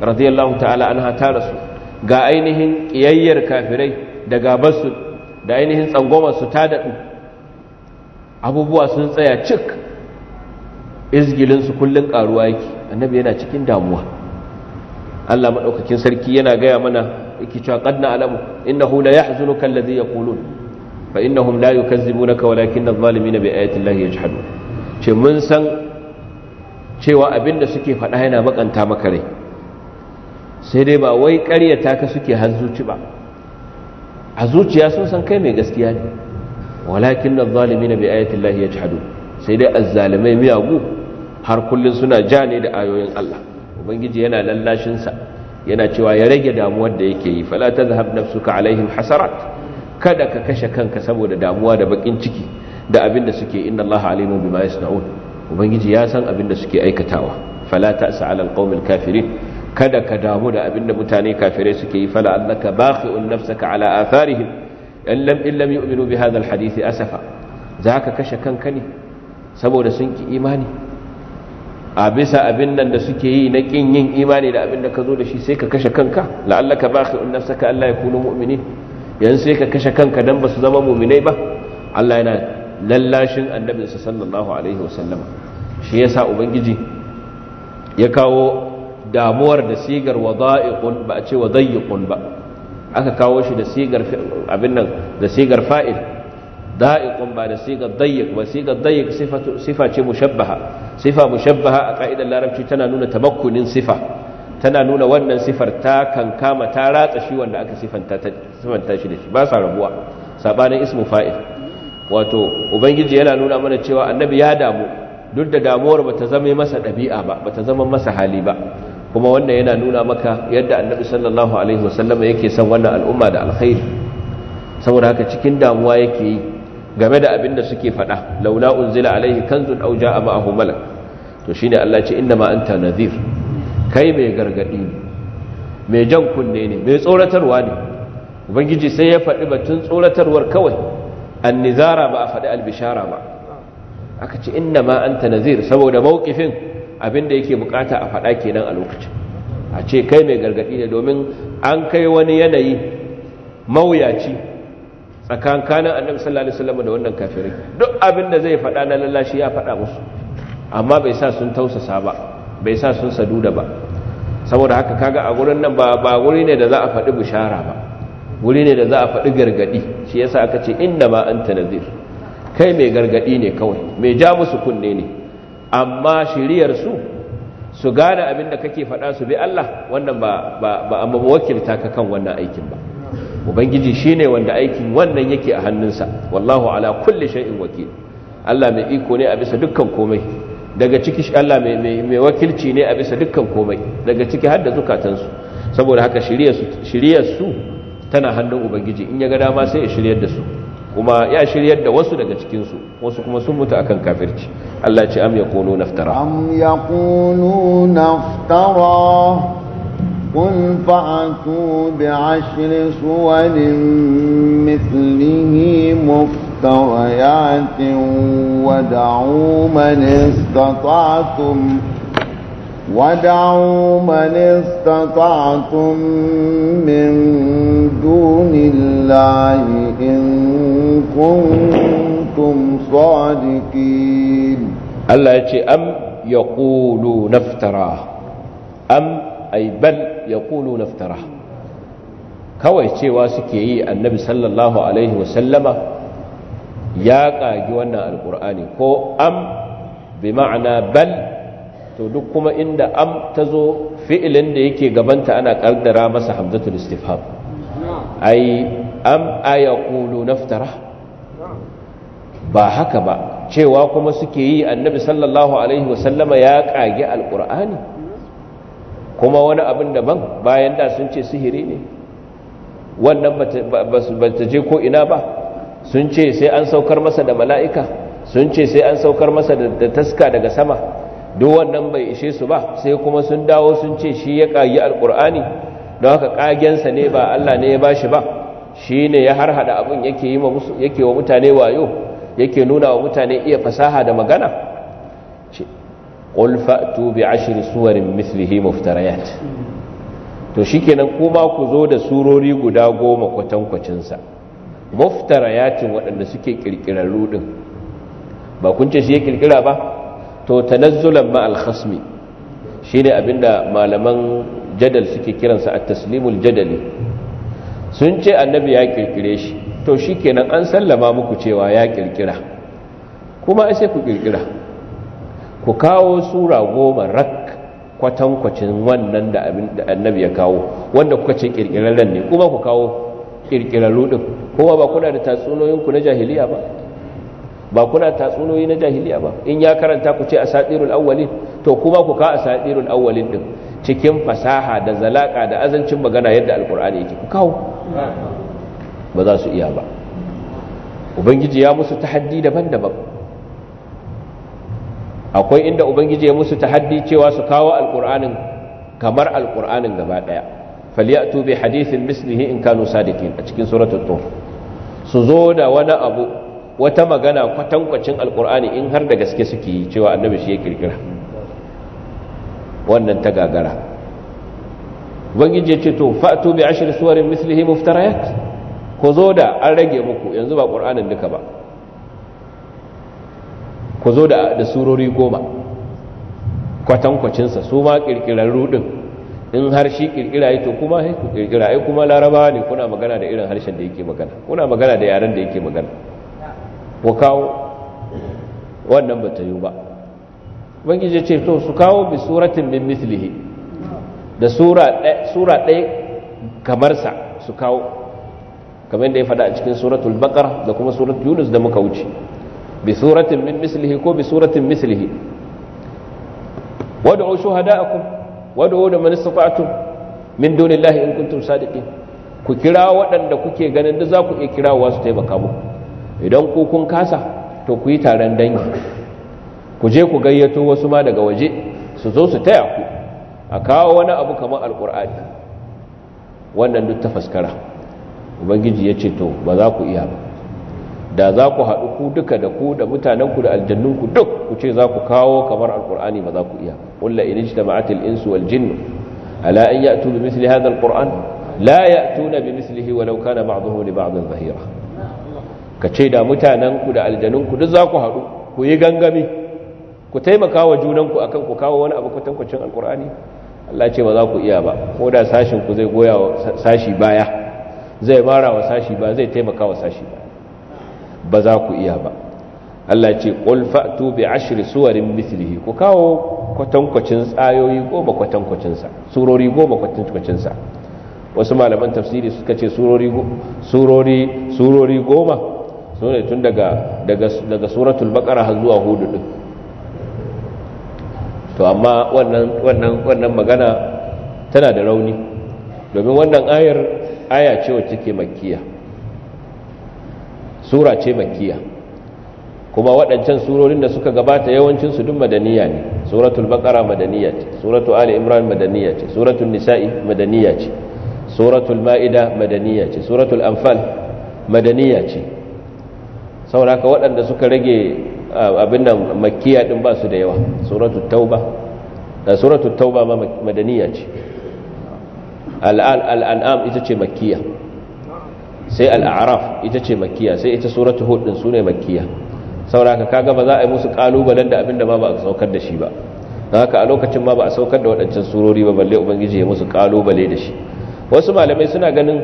radiyallahu ta'ala anha ta rasu ga ainihin kiyayyar kafirai da gabansu da ainihin tsangomar su ta daɗu abubuwa sun tsaya cik izgilinsu kullum karuwa yake annabi yana cikin damuwa Allah maɗaukakin sarki yana gaya mana yake cewa qad na'lamu innahu la yahzunuka alladhi yaqulun fa innahum la yukazzibunaka walakinna adh-dhalimina bi ayati llahi yajhadun ce mun san cewa abinda suke faɗa yana makanta maka rai sai dai ba wai ƙaryata ka suke hanzuci ba a zuciya sun san kai mai gaskiya ne walakinna adh-dhalimina bi ayati llahi yajhadun sai dai a azzalimai miyagu har kullum suna ja ne da ayoyin Allah ubangiji yana lallashinsa yana cewa ya rage damuwar da yake yi fala tazhab nafsuka alaihim hasarat kada ka kashe kanka saboda damuwa da bakin ciki da abinda suke inna Allah alimun bima yasnaun ubangiji ya san suke aikatawa fala ta'sa ala alqawmil kafirin kada ka damu da abinda mutane kafirai suke yi fala annaka bakhi'un nafsaka ala atharihim in lam in lam yu'minu bi hadha alhadith asafa zaka kashe kanka ne saboda sun ki imani a bisa abin nan da suke yi na kin yin imani da abin da ka zo da shi sai ka kashe kanka la'allaka na nafsaka Allah ya yakunu mu'minin yanzu sai ka kashe kanka dan basu zama mu'minai ba Allah yana lallashin annabinsa sallallahu alaihi wasallam shi yasa ubangiji ya kawo damuwar da sigar wada'iqun ba a ce wadayyiqun ba aka kawo shi da sigar abin nan da sigar fa'il da'iqun ba da sigar dayyik ba sigar dayyik sifa ce mushabbaha sifa mushabbaha a ƙa'idar larabci tana nuna tamakkunin sifa tana nuna wannan sifar ta kankama ta ratsa shi wanda aka sifanta shi da shi ba rabuwa sabanin ismu fa'il wato ubangiji yana nuna mana cewa annabi ya damu duk da damuwar bata zama masa ɗabi'a ba bata zama masa hali ba kuma wannan yana nuna maka yadda annabi sallallahu alaihi wasallam yake son wannan al'umma da alkhairi saboda haka cikin damuwa yake yi game da abin da suke faɗa launa unzila alaihi kanzun aw jaa ma'ahu malak to shine Allah ce inna ma anta nadhir kai mai gargadi ne mai jan kunne ne mai tsoratarwa ne ubangiji sai ya faɗi batun tsoratarwar kawai annizara ba a faɗi albishara ba aka ce inna ma anta nadhir saboda mawqifin abinda yake bukata a faɗa kenan a lokacin a ce kai mai gargadi ne domin an kai wani yanayi mawuyaci tsakankanin annabi sallallahu alaihi wasallam da wannan kafirai duk abin da zai faɗa na lallashi ya faɗa musu amma bai sa sun tausasa ba bai sa sun saduda ba saboda haka kaga a gurin nan ba ba guri ne da za a faɗi bishara ba guri ne da za a faɗi gargadi shi yasa aka ce inna ma anta nadhir kai mai gargadi ne kawai mai ja musu kunne ne amma shiriyar su su gane abin da kake faɗa su bi Allah wannan ba ba ba amma wakilta ka kan wannan aikin ba ubangiji shine wanda aikin wannan yake a hannunsa wallahu ala kulli shay'in wakil Allah mai iko ne a bisa dukkan komai daga ciki Allah mai wakilci ne a bisa dukkan komai daga ciki har da zukatansu saboda haka shiryar su tana hannun ubangiji in ya ga dama sai ya shiryar da su kuma ya shiryar da wasu daga cikinsu wasu kuma sun mutu akan kafirci Allah ce am yaqulu naftara am yaqulu naftara قل فأتوا بعشر صور مثله مفتريات ودعوا من استطعتم ودعوا من استطعتم من دون الله إن كنتم صادقين الله يقول أم يقولون افتراه أم أي بل yaqulu naftara kawai cewa suke yi annabi sallallahu alaihi wasallama ya kagi wannan alqur'ani ko am bi ma'ana bal to duk kuma inda am tazo fi'ilin da yake gabanta ana kaddara masa hamzatul istifham ai am ayaqulu naftara ba haka ba cewa kuma suke yi annabi sallallahu alaihi wasallama ya kage alqur'ani kuma wani abin daban bayan da sun ce sihiri ne wannan ba ta je ko ina ba sun ce sai an saukar masa da mala'ika sun ce sai an saukar masa da taska daga sama duk wannan bai ishe su ba sai kuma sun dawo sun ce shi ya ƙayi alƙur'ani don haka ƙagensa ne ba Allah ne ya ba shi ba shi ne ya harhada abin yake wa mutane wayo yake nuna wa mutane iya fasaha da magana qul fa'tu bi ashri suwarin mislihi to shikenan kuma ku zo da surori guda goma kwatankwacin sa waɗanda suke ƙirƙirarru ɗin. ba kun ce shi ya ƙirƙira ba to tanazzulan ma al-khasmi shine abinda malaman jadal suke kiransa a taslimul jadali sun ce annabi ya ƙirƙire shi to shikenan an sallama muku cewa ya ƙirƙira. kuma ai sai ku ƙirƙira. ku kawo sura goma rak kwatankwacin wannan da annabi ya kawo wanda kuka ce kirkirarren ne kuma ku kawo kirkirarru din kuma ba kuna da tatsunoyinku na jahiliya ba ba kuna tatsunoyi na jahiliya ba in ya karanta ku ce sadirul awwalin to kuma ku ka sadirul awwalin din cikin fasaha da zalaka da azancin magana yadda alqur'ani yake ku kawo ba za su iya ba ubangiji ya musu tahaddi daban-daban akwai inda ubangiji ya musu tahaddi cewa su kawo alqur'anin kamar alkuranin gaba daya falyatu bi hadithin mislihi in kanu sadiqin a cikin suratul tur su zo da wani abu wata magana kwatankwacin alkurani in har da gaske suke yi cewa annabi shi ya kirkira wannan ta gagara ubangiji ya ce to fa'tu bi ashri suwarin mislihi muftarayat ku zo da an rage muku yanzu ba qur'anin duka ba ku zo da surori goma kwatankwacinsa su ma ƙirƙirarru ɗin in har shi ƙirƙira ya to kuma sai ku ƙirƙira ai kuma laraba ne kuna magana da irin harshen da yake magana kuna magana da yaren da yake magana ku kawo wannan ba ta yi ba ubangiji ce to su kawo bi suratin min mislihi da sura ɗaya kamar sa su kawo kamar da ya faɗa a cikin suratul baqara da kuma suratul yunus da muka wuce bi suratin min mislihi ko bi suratin mislihi wad'u shuhada'akum wad'u liman istata'tum min dunillahi in kuntum sadiqin ku kira waɗanda kuke ganin da za ku iya kirawa su taimaka muku idan ku kun kasa to ku yi taron dangi ku je ku gayyato wasu ma daga waje su zo su taya ku a kawo wani abu kamar alkur'ani wannan duk ta faskara ubangiji yace to ba za ku iya ba da za ku haɗu ku duka da ku da mutanenku da aljannunku duk ku ce za ku kawo kamar Alƙur'ani ba za ku iya ƙulla in ijtama'at al-insu wal jinnu ala an ya'tu bi misli hadha al-qur'an la ya'tuna bi mislihi walau kana ba'dhuhu li ba'd zahira. ka ce da mutanenku da aljannunku duk za ku haɗu ku yi gangami ku taimaka wa junanku akan ku kawo wani abu kwatankwacin Alƙur'ani. Allah ce ba za ku iya ba ko da sashin ku zai goya wa sashi baya zai mara wa sashi ba zai taimaka wa sashi baya. ba za ku iya ba Allah ce qul tube bi suwarin mithlihi ku kawo kwatankwacin tsayoyi goma kwatankwacinsa, surori goma kwatankwacinsa. wasu malaman tafsiri suka ce surori goma? Su ne tun daga suratul bakara har zuwa hudu ɗin. to amma wannan magana tana da rauni domin wannan ayar aya ce wacce ke makkiya sura ce Makiya? kuma waɗancan surorin da suka gabata yawancinsu duk madaniya ne suratul baqara madaniya ce suratul ali imran madaniya ce suratul nisa'i madaniya ce suratul ma'ida madaniya ce suratul anfal madaniya ce sauraka waɗanda suka rage abin nan makkiya din ba su da yawa suratul tauba da suratul tauba ma madaniya ce al'an'am ita ce Makiya. sai al'araf ita ce makiya sai ita suratu hudun su sune makiya sauraka kaga ba za a yi musu kalubalen da abinda ma ba a saukar da shi ba don haka a lokacin ma ba a saukar da waɗancan surori ba balle ubangiji ya musu kalubale da shi wasu malamai suna ganin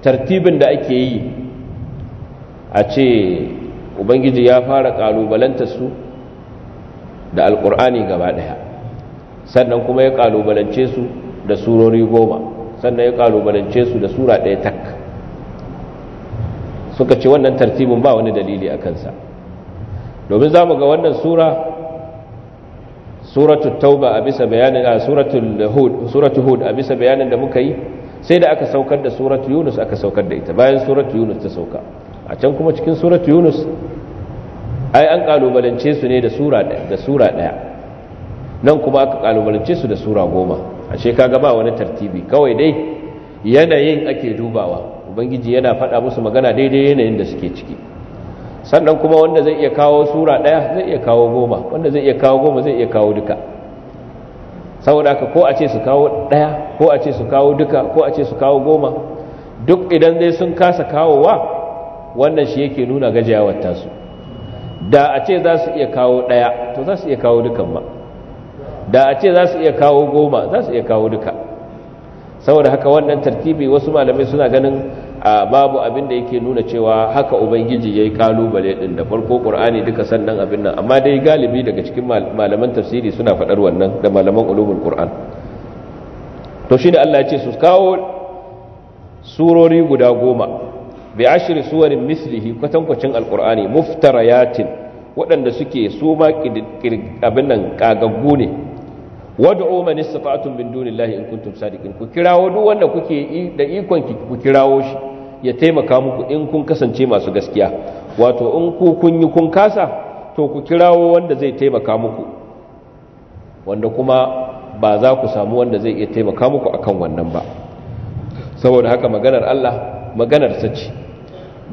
tartibin da ake yi a ce ubangiji ya fara kalubalanta su da alkur'ani gaba ɗaya sannan kuma ya kalubalance su da surori goma sannan ya kalubalance su da sura ɗaya tak suka ce wannan tartibin ba wani dalili a kansa domin za mu ga wannan sura suratul tauba a bisa bayanin a suratul hud a bisa bayanin da muka yi sai da aka saukar da suratul yunus aka saukar da ita bayan suratul yunus ta sauka a can kuma cikin suratul yunus ai an kalubalance su ne da sura daya nan kuma aka kalubalance su da sura goma ashe kaga ba wani tartibi kawai dai yanayin ake dubawa ubangiji yana faɗa musu magana daidai yanayin da suke ciki sannan kuma wanda zai iya kawo sura ɗaya zai iya kawo goma wanda zai iya kawo goma zai iya kawo duka saboda haka ko a ce su kawo ɗaya ko a ce su kawo duka ko a ce su kawo goma duk idan zai sun kasa kawowa wannan shi yake nuna gajiyawar tasu da a ce za su iya kawo ɗaya to za su iya kawo dukan ma da a ce za su iya kawo goma za su iya kawo duka saboda haka wannan tartibi wasu malamai suna ganin a babu abin da yake nuna cewa haka ubangiji yayi kalubale din da farko qur'ani duka sannan abin nan amma dai galibi daga cikin malaman tafsiri suna fadar wannan da malaman ulumul qur'an to shine Allah ya ce su kawo surori guda goma bi ashri suwarin mislihi kwatankwacin alqur'ani muftarayatin waɗanda suke su ma abin nan kagaggu ne wad'u man istata'tum min dunillahi in kuntum sadiqin ku kirawo duk wanda kuke da ikon ki ku kirawo shi ya taimaka muku in kun kasance masu gaskiya wato in ku kun yi kun kasa to ku kirawo wanda zai taimaka muku wanda kuma ba za ku samu wanda zai iya taimaka muku akan wannan ba saboda haka maganar Allah maganar sace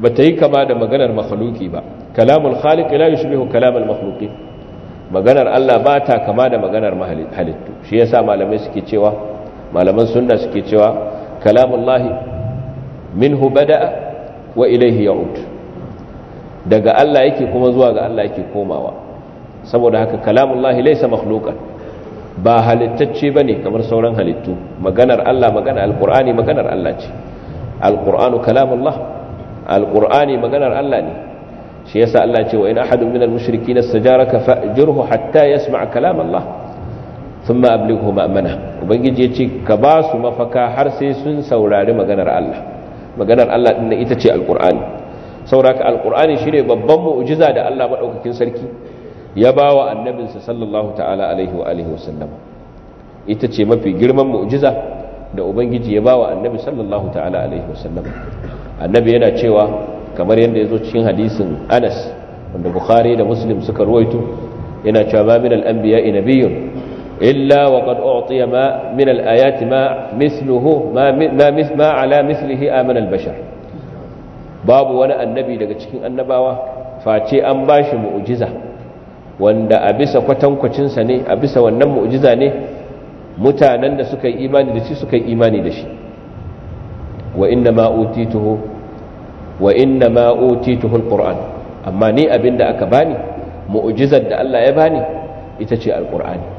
ba ta yi kama da maganar makhluki ba kalamul khaliq la yushbihu kalamul makhluqi maganar Allah ba ta kama da maganar halittu shi yasa malamai suke cewa malaman sunna suke cewa kalamullahi minhu bada'a wa ilaihi ya'ud daga Allah yake kuma zuwa ga Allah yake komawa saboda haka kalamullahi laysa makhluqan ba halittacce bane kamar sauran halittu maganar Allah magana alqur'ani maganar Allah ce alqur'anu kalamullah alqur'ani maganar Allah ne shi yasa Allah ce wa in ahadun minal mushrikeen istajaraka fa'jurhu hatta yasma' kalamallah sun ma'ablighu ma'amana ubangiji ya ce ka ba su mafaka har sai sun saurari maganar Allah maganar Allah na ita ce alqur'ani sauraka shi ne babban mu'ujiza da Allah maɗaukakin sarki ya bawa annabinsa sallallahu ta'ala alaihi wa alihi wasallam ita ce mafi girman mu'ujiza da ubangiji ya bawa annabi sallallahu ta'ala alaihi wasallam annabi yana cewa kamar yadda ya zo cikin hadisin anas wanda bukhari da muslim suka ruwaito yana cewa ma min al-anbiya'i إلا وقد أعطي ما من الآيات ما مثله ما, ما, ما على مثله آمن البشر باب وانا النبي daga cikin annabawa face an bashi mu'jiza wanda a bisa kwatankwacin sa ne a bisa wannan mu'jiza ne mutanen da suka yi imani da shi suka yi imani da shi wa inna ma utituhu wa inna ma utituhu alquran amma ni abinda aka bani mu'jizar da Allah ya bani ita ce alqur'ani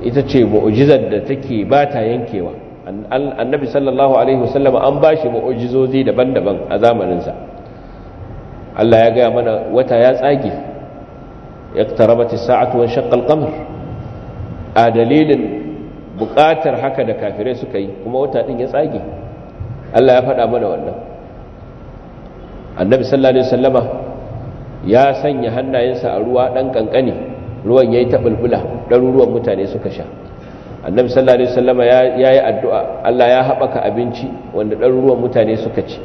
ita ce mu'ujizar da take ba ta yankewa annabi sallallahu alaihi wasallam an ba shi mu'jizozi daban-daban a zamaninsa Allah ya gaya mana wata ya tsage yaktarabati sa'atu wa shaqqa al-qamar a dalilin buƙatar haka da kafirai suka yi kuma wata ɗin ya tsage Allah ya faɗa mana wannan annabi sallallahu alaihi wasallama ya sanya hannayensa a ruwa ɗan ƙanƙani ruwan ya yi taɓulɓula ɗaruruwan mutane suka sha annabi sallallahu alaihi wasallam ya yi addu'a Allah ya haɓaka abinci wanda ɗaruruwan mutane suka ci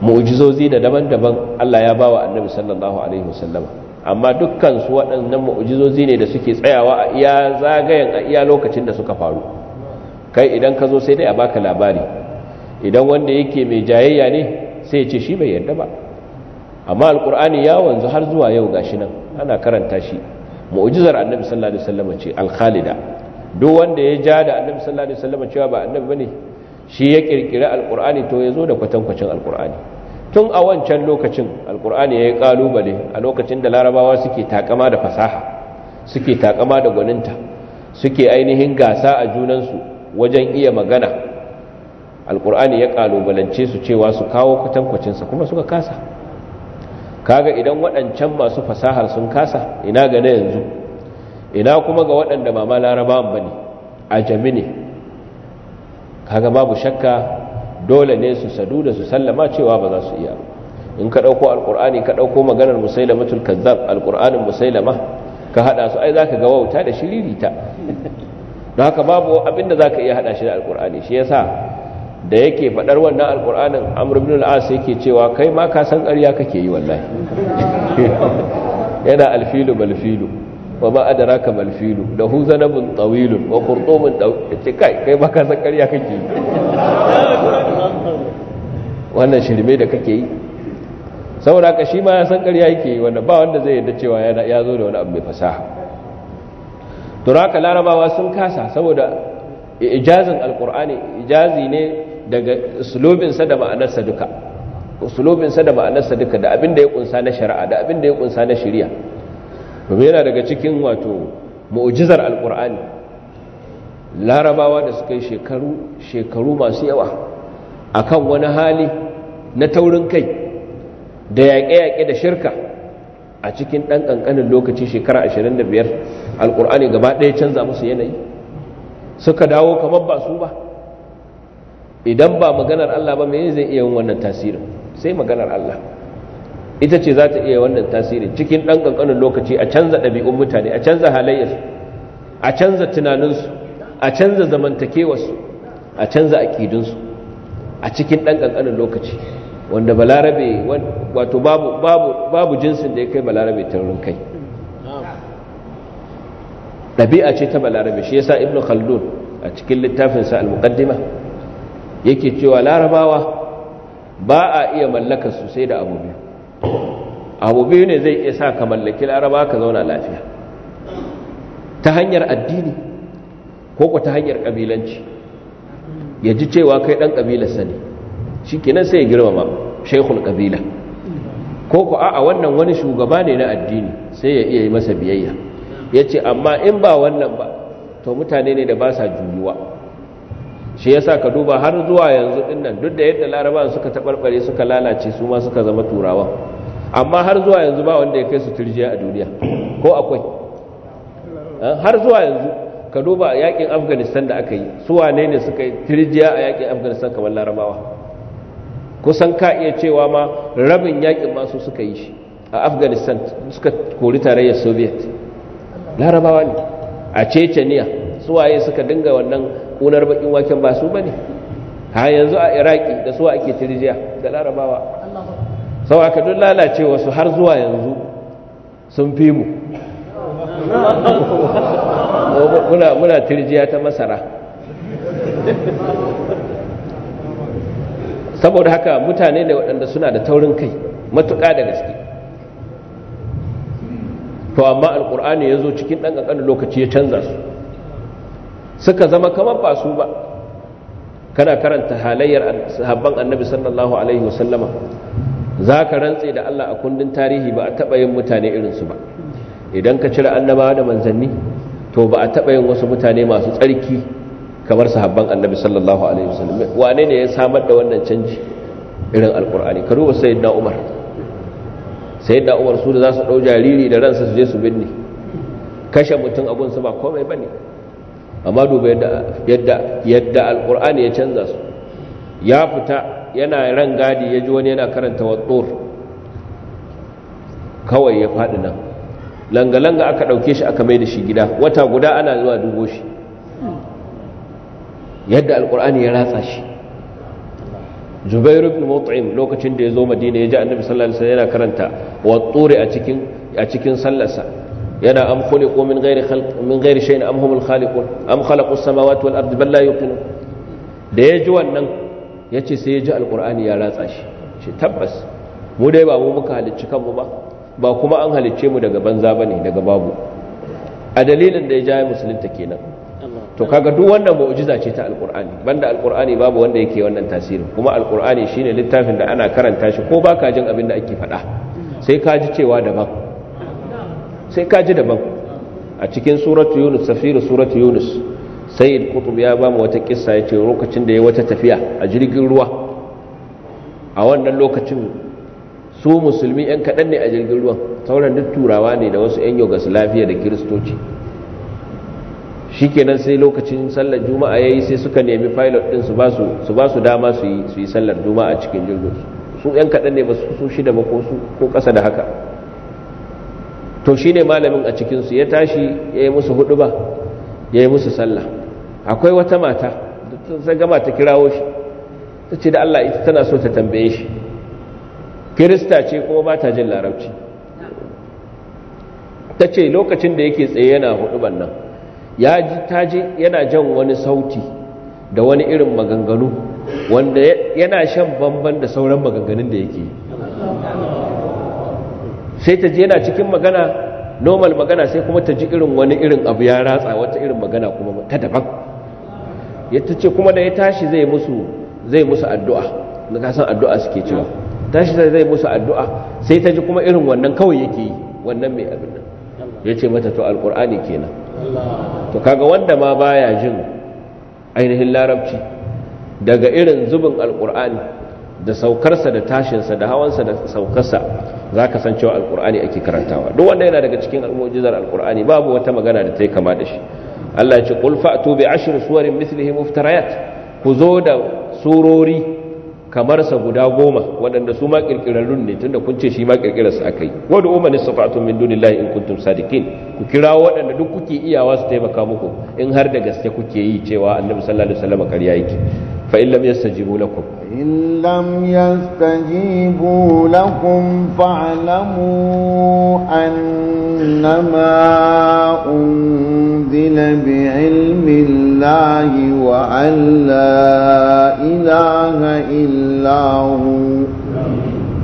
mu'jizozi da daban-daban Allah ya bawa annabi sallallahu alaihi wasallam amma dukkan su waɗannan mu'jizozi ne da suke tsayawa a iya zagayen a iya lokacin da suka faru kai idan ka zo sai dai a baka labari idan wanda yake mai jayayya ne sai ya ce shi bai yarda ba amma alkur'ani ya wanzu har zuwa yau gashi nan ana karanta shi mu'jizar annabi sallallahu alaihi wasallam ce al-khalida duk wanda ya ja da annabi sallallahu alaihi wasallam cewa ba annabi bane shi ya kirkira al-qur'ani to yazo da kwatankwacin al-qur'ani tun a wancan lokacin al-qur'ani yayi kalubale a lokacin da larabawa suke takama da fasaha suke takama da gwaninta suke ainihin gasa a junan su wajen iya magana al-qur'ani ya kalubalance su cewa su kawo sa kuma suka kasa kaga idan waɗancan masu fasahar sun kasa ina ga na yanzu ina kuma ga waɗanda ba ma larabawan ba ne a jami ne kaga babu shakka dole ne su sadu da su sallama cewa ba za su iya in ka ɗauko alƙur'ani ka ɗauko maganar musailamatul kazzab alƙur'anin musailama ka haɗa su ai za ka ga wauta da shiririta da haka babu abinda za ka iya haɗa shi da alƙur'ani shi yasa da yake faɗar wannan alƙur'anin amr as yake cewa kai ma ka san ƙarya kake yi wallahi yana alfilu balfilu wa ma da balfilu lahu zanabun tsawilun wa qurtumun ce kai kai ma ka san ƙarya kake yi wannan shirme da kake yi saboda ka shi ma ya san ƙarya yake yi wanda ba wanda zai yadda cewa ya zo da wani abu mai fasaha turaka larabawa sun kasa saboda ijazin alkur'ani ijazi ne daga uslubinsa da ma'anarsa duka uslubinsa da ma'anarsa duka da abin ya kunsa na shari'a da abin ya kunsa na shari'a domin yana daga cikin wato mu'jizar alqur'ani larabawa da suka yi shekaru shekaru masu yawa akan wani hali na taurin kai da yaƙe-yaƙe da shirka a cikin ɗan ƙanƙanin lokaci shekara 25 alƙur'ani gaba ɗaya canza musu yanayi suka dawo kamar ba su ba idan ba maganar Allah ba me zai iya yin wannan tasirin sai maganar Allah ita ce za ta iya wannan tasirin cikin ɗan ƙanƙanin lokaci a canza ɗabi'un mutane a canza halayyarsu a canza tunaninsu a canza zamantakewarsu a canza aƙidunsu a cikin ɗan ƙanƙanin lokaci wanda balarabe wato babu, jinsin da ya kai balarabe ta taurin kai ɗabi'a ce ta balarabe shi ya sa ibn khaldun a cikin littafinsa al-muqaddima yake cewa larabawa ba a iya mallaka su sai da abu biyu abu biyu ne zai iya sa ka mallaki laraba ka zauna lafiya ta hanyar addini ko ko ta hanyar kabilanci ya ji cewa kai ɗan kabila sani shikenan sai ya girmama shekul kabila ko ko a'a wannan wani shugaba ne na addini sai ya iya yi masa biyayya ya ce amma in ba wannan ba to mutane ne da ba sa juyuwa shi yasa ka duba har zuwa yanzu dinnan duk da yadda larabawa suka tabarbare suka lalace su ma suka zama turawa amma har zuwa yanzu ba wanda ya kai su turjiya a duniya ko akwai eh, har zuwa yanzu ka duba yakin afghanistan da aka yi su wane ne suka yi turjiya a yakin afghanistan kamar larabawa kusan ka iya cewa ma rabin yakin masu suka yi shi a afganistan suka kori tarayyar soviet larabawa ne a chechnya suwaye suka dinga wannan kunar bakin waken ba su bane ha yanzu a iraki da su ake tirjiya da larabawa sau aka duk lalace su har zuwa yanzu sun fi mu muna tirjiya ta masara saboda haka mutane ne waɗanda suna da taurin kai matuƙa da gaske to amma alƙur'ani ya zo cikin ɗan ƙanƙanin lokaci ya canza su suka zama kamar ba su ba kana karanta halayyar sahabban annabi sallallahu alaihi wasallama za ka rantse da Allah a kundin tarihi ba a taɓa yin mutane irinsu ba idan ka cire annabawa da manzanni to ba a taɓa yin wasu mutane masu tsarki kamar sahabban annabi sallallahu alaihi wasallam wane ne ya samar da wannan canji irin alkur'ani ka duba sayyidina umar sayyidina umar su da za su ɗau jariri da ransa su je su binne kashe mutum abun su ba komai bane amma duba yadda yadda alqur'ani ya canza su ya fita yana ran gadi ya ji wani yana karanta wadur kawai ya fadi nan langa aka ɗauke shi aka mai da shi gida wata guda ana zuwa dubo shi yadda alqur'ani ya ratsa shi Zubairu ibn mut'im lokacin da ya zo madina ya ji annabi sallallahu alaihi wasallam yana karanta wadur a cikin a cikin sallarsa yana am khuliqu min ghairi khalq min ghairi shay'in am humul khaliqun am khalaqu samawati wal ardi bal la da ya ji wannan yace sai ya ji alqur'ani ya ratsa shi shi tabbas mu dai ba mu muka halicci kanmu ba ba kuma an halicce mu daga banza bane daga babu a dalilin da ya ja musulunta kenan to kaga duk wannan mu'jiza ce ta alqur'ani banda alqur'ani babu wanda yake wannan tasirin kuma alqur'ani shine littafin da ana karanta shi ko baka jin abin da ake faɗa sai ka ji cewa daban sai ka ji daban a cikin suratu yunus safiru suratu yunus sayyid qutb ya ba mu wata kissa ya ce lokacin da ya wata tafiya a jirgin ruwa a wannan lokacin su musulmi yan kaɗan ne a jirgin ruwan sauran duk turawa ne da wasu yan yugoslavia da kiristoci Shi shikenan sai lokacin sallar juma'a yayi sai suka nemi pilot din su ba su dama su yi sallar juma'a cikin jirgin su yan kaɗan ne ba su shida ba ko su ko ƙasa da haka to shi ne malamin a cikinsu ya tashi ya yi musu hudu ba ya yi musu sallah akwai wata mata ta gama ta kirawo shi ta ce da Allah ita tana so ta tambaye shi kirista ce ko ba ta jin larabci ta ce lokacin da yake tsaye yana hudu nan ya ji yana jan wani sauti da wani irin maganganu wanda yana shan bamban da sauran maganganun da yake yi sai ta je yana cikin magana normal magana sai kuma ta ji irin wani irin abu ya ratsa wata irin magana kuma ta daban ya ta ce kuma da ya tashi zai musu zai musu addu'a na kasan addu'a suke cewa tashi zai musu addu'a sai ta ji kuma irin wannan kawai yake yi wannan mai abin nan ya ce mata to alkur'ani kenan to kaga wanda ma baya jin ainihin larabci daga irin zubin alkur'ani da saukarsa da tashinsa da hawansa da saukarsa za ka san cewa alkur'ani ake karantawa duk wanda yana daga cikin almujizar alkur'ani babu wata magana da ta yi kama da shi Allah ya ce qul fa'tu bi suwarin mislihi muftarayat ku zo da surori kamar sa guda goma waɗanda su ma kirkirarrun ne tunda kun ce shi ma kirkirar sa akai wa du umman istafa'tum min dunillahi in kuntum sadiqin ku kira waɗanda duk kuke iyawa su taimaka muku in har da gaske kuke yi cewa annabi sallallahu alaihi wasallam ƙarya yake فإن لم يستجيبوا لكم إن لم يستجيبوا لكم فاعلموا أنما أنزل بعلم الله وأن لا إله إلا هو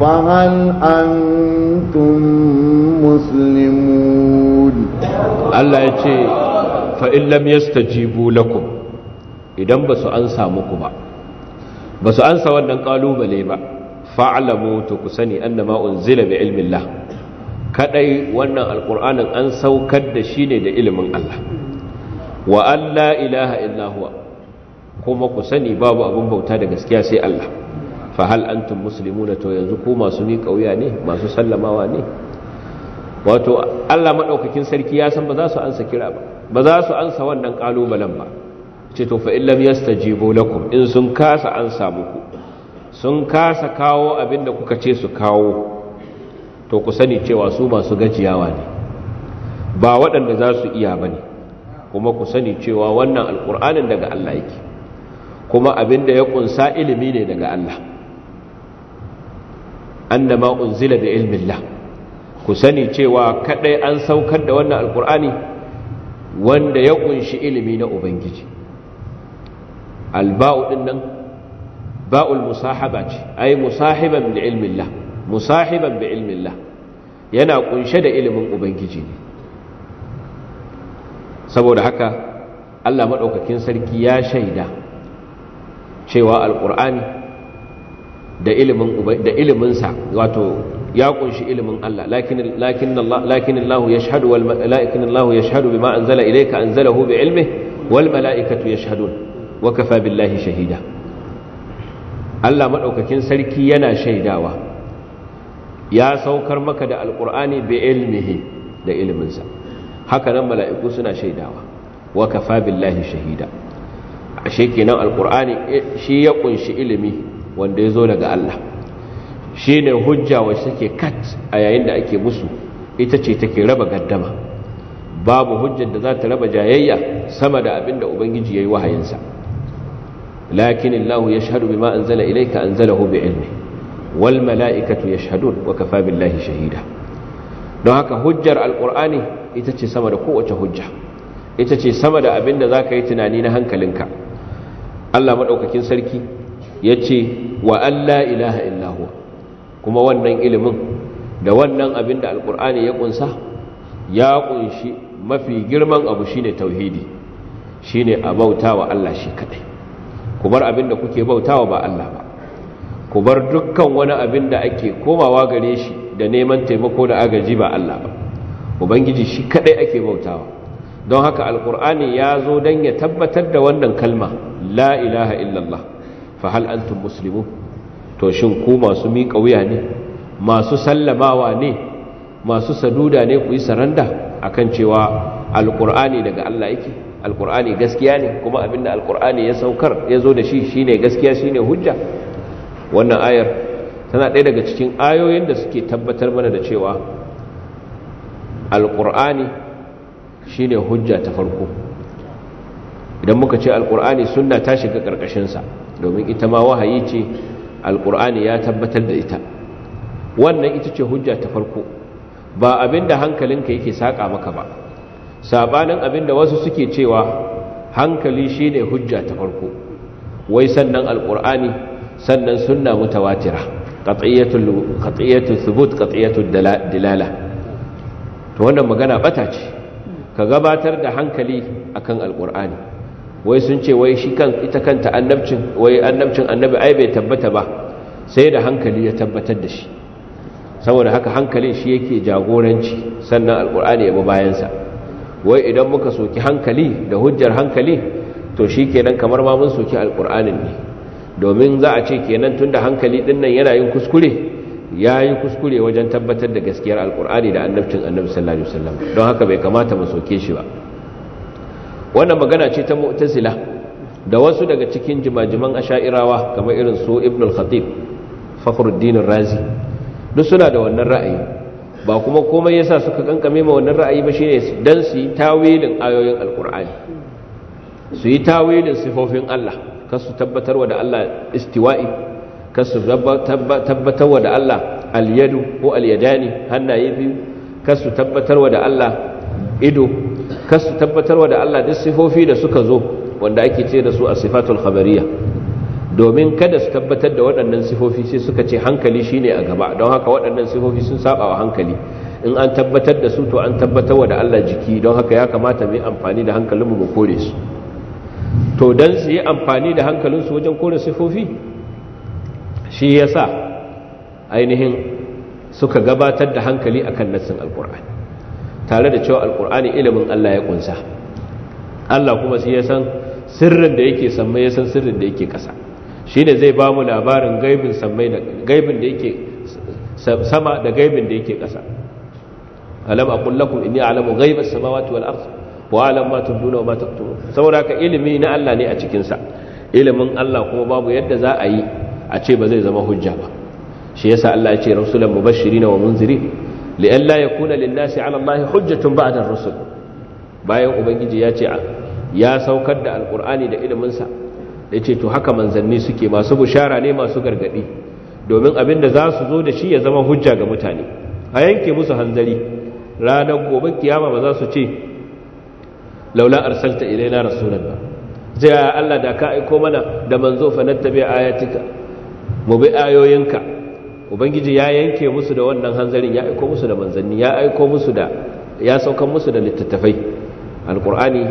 فهل أنتم مسلمون الله يتي فإن لم يستجيبوا لكم idan ba su an samu ku ba ba su ansa wannan kalubale ba fa'alamu to ku sani annama unzila bi ilmillah kadai wannan alqur'anin an saukar da shi ne da ilimin Allah wa alla ilaha illa huwa kuma ku sani babu abin bauta da gaskiya sai Allah fa hal antum muslimuna to yanzu ku masu ni kauya ne masu sallamawa ne wato Allah madaukakin sarki ya san ba za su ansa kira ba ba za su ansa wannan kalubalen ba ce to fa in lam yastajibu lakum in sun kasa an samu ku sun kasa kawo abin da kuka ce su kawo to ku sani cewa su masu gajiyawa ne ba waɗanda za su iya ba ne kuma ku sani cewa wannan alƙur'anin daga Allah yake kuma abin da ya ƙunsa ilimi ne daga Allah annama unzila bi la, ku sani cewa kaɗai an saukar da wannan alƙur'ani wanda ya ƙunshi ilimi na ubangiji alba'u ɗin nan ba'ul musahaba ce ai musahiban bi ilmillah musahiban bi ilmillah yana kunshe da ilimin ubangiji ne saboda haka Allah maɗaukakin sarki ya shaida cewa Alƙur'ani da ilimin wato ya kunshi ilimin Allah lakin Allah lakin Allah wal malaikatu yashhadu bima anzala ilayka anzalahu bi ilmihi wal malaikatu wa kafa billahi shahida Allah maɗaukakin sarki yana shaidawa ya saukar maka da Alƙur'ani bi ilmihi da ilminsa haka nan mala'iku suna shaidawa wa kafa billahi shahida ashe kenan Alƙur'ani eh, shi ya ƙunshi ilimi wanda ya zo daga Allah shine hujja wacce take kat a yayin da ake musu ita ce take raba gaddama babu hujjar da za ta raba jayayya sama da abin da ubangiji ya yi wahayinsa lakin Allah yashhadu bima anzala ilayka anzalahu bi'ilmi wal mala'ikatu yashhadun wa kafa billahi shahida don haka hujjar alqur'ani ita ce sama da kowace hujja ita ce sama da abin da zaka yi tunani na hankalinka Allah maɗaukakin sarki yace wa alla ilaha illa kuma wannan ilimin da wannan abin da alqur'ani ya kunsa ya kunshi mafi girman abu shine tauhidi shine abautawa Allah shi kadai ku bar abin da kuke bautawa ba Allah ba ku bar dukkan wani abin da ake komawa gare shi da neman taimako da agaji ba Allah ba ubangiji shi kadai ake bautawa don haka alkur'ani ya zo don ya tabbatar da wannan kalma la ilaha illallah fa hal antum muslimun to shin ku masu miƙa wuya ne masu sallamawa ne masu saduda ne ku yi saranda akan cewa alkur'ani daga Allah yake alkur'ani gaskiya ne kuma abinda alkur'ani ya saukar ya zo da shi shine gaskiya shine hujja wannan ayar tana ɗaya daga cikin ayoyin da suke tabbatar mana da cewa alkur'ani shine hujja ta farko idan muka ce alkur'ani sunna ta shiga ƙarƙashinsa domin ita ma wahayi ce alkur'ani ya tabbatar da ita wannan ita ce hujja ta farko ba abinda hankalinka yake saƙa maka ba sabanin da wasu suke cewa hankali shi ne hujja ta farko wai sannan Alƙur'ani sannan sunna mutawatira qat'iyatul qat'iyatul thubut qat'iyatul dilala to wannan magana bata ce ka gabatar da hankali akan Alƙur'ani, wai sun ce wai shi kan ita kanta annabcin wai annabcin annabi ai bai tabbata ba sai da hankali ya tabbatar da shi saboda haka hankalin shi yake jagoranci sannan Alƙur'ani ya bi bayansa wai idan muka soki hankali da hujjar hankali to shi kenan kamar ma mun soki alƙur'anin ne domin za a ce kenan tunda hankali ɗin nan yana yin kuskure ya yi kuskure wajen tabbatar da gaskiyar alƙur'ani da annabcin annabi sallallahu alaihi wasallam don haka bai kamata mu soke shi ba wannan magana ce ta mu'tazila da wasu daga cikin jimajiman asha'irawa kamar irin su ibnul khatib fakhruddin razi duk suna da wannan ra'ayi ba kuma komai yasa suka kankame ma wannan ra'ayi ba shine dan su yi tawilin ayoyin alkur'ani su yi tawilin sifofin Allah kar su tabbatarwa da Allah istiwa'i kar su tabbatarwa da Allah al-yadu ko al-yadani hannaye biyu kar su tabbatarwa da Allah ido kar su tabbatarwa da Allah duk sifofi da suka zo wanda ake ce da su a sifatul khabariyah domin kada su tabbatar da waɗannan sifofi sai suka ce hankali shine a gaba don haka waɗannan sifofi sun saba wa hankali in an tabbatar da su to an tabbatar wa da Allah jiki don haka ya kamata mu yi amfani da hankalinmu mu kore su to dan su yi amfani da hankalinsu wajen kore sifofi shi yasa ainihin suka gabatar da hankali akan nassin alkur'ani tare da cewa alkur'ani ilimin Allah ya kunsa Allah kuma ya san sirrin da yake sama ya san sirrin da yake kasa shi ne zai ba mu labarin gaibin da yake sama da gaibin da yake ƙasa alam aqul lakum inni a'lamu ghaibas sama wata ardh wa a'lamu ma tubduna wa ma taktumun saboda ka ilimi na Allah ne a cikinsa. ilimin Allah kuma babu yadda za a yi a ce ba zai zama hujja ba shi yasa Allah ya ce rasulan mubashirin wa munzirin li'an la yakuna lin-nasi 'ala Allah hujjatun ba'da ar-rusul bayan ubangiji ya ce ya saukar da alqur'ani da ilimin sa ce to haka manzanni suke masu bushara ne masu gargadi domin abin da za su zo da shi ya zama hujja ga mutane a yanke musu hanzari ranar gobe kiyama ba za su ce laula arsalta ilaina rasulan ba zai Allah da ka aiko mana da manzo fa nattabi ayatika mu bi ayoyinka ubangiji ya yanke musu da wannan hanzarin ya aiko musu da manzanni ya aiko musu da ya saukan musu da littattafai alqur'ani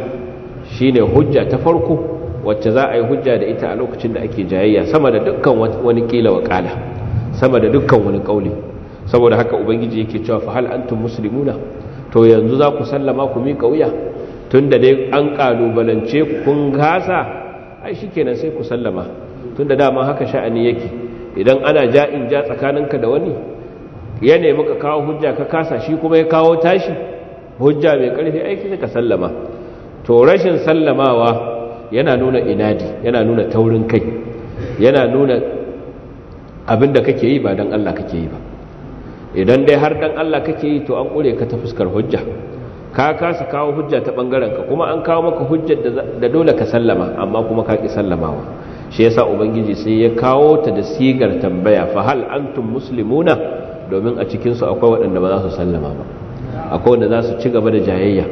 shine hujja ta farko wacce za a yi hujja da ita a lokacin da ake jayayya sama da dukkan wani kila wa kala sama da dukkan wani kauli saboda haka ubangiji yake cewa fa hal antum muslimuna to yanzu za ku sallama ku mi kauya tunda dai an kalubalance ku kun gasa ai shikenan sai ku sallama tunda dama haka sha'ani yake idan ana ja'in ja tsakaninka da wani ya nemi ka kawo hujja ka kasa shi kuma ya kawo tashi hujja mai karfi aiki ka sallama to rashin sallamawa yana nuna inadi yana nuna taurin kai yana nuna abin abinda kake yi ba dan Allah kake yi ba idan dai har dan Allah kake yi to an kure ka ta fuskar hujja ka kasa kawo hujja ta bangaren ka kuma an kawo maka hujjar da dole ka sallama amma kuma ka ki sallamawa shi yasa ubangiji sai ya kawo ta da sigar tambaya fa hal antum muslimuna domin a cikinsu akwai waɗanda ba za su sallama ba akwai wanda za su ci gaba da jayayya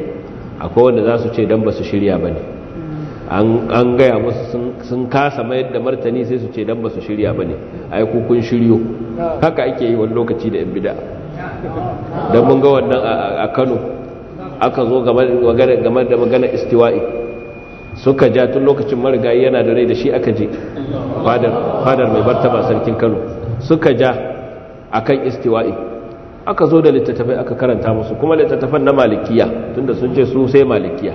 akwai wanda za su ce dan ba su shirya bane an gaya musu sun kasa mayar da martani sai su ce don ba su shirya ba ne ai kun shiryo haka ake yi wani lokaci da yan bida don mun ga wannan a kano aka zo game da magana istiwa'i suka ja tun lokacin marigayi yana da rai da shi aka je fadar mai martaba sarkin kano suka ja a kan istiwa'i aka zo da littattafai aka karanta musu kuma littattafan na malikiya tunda sun ce su sai malikiya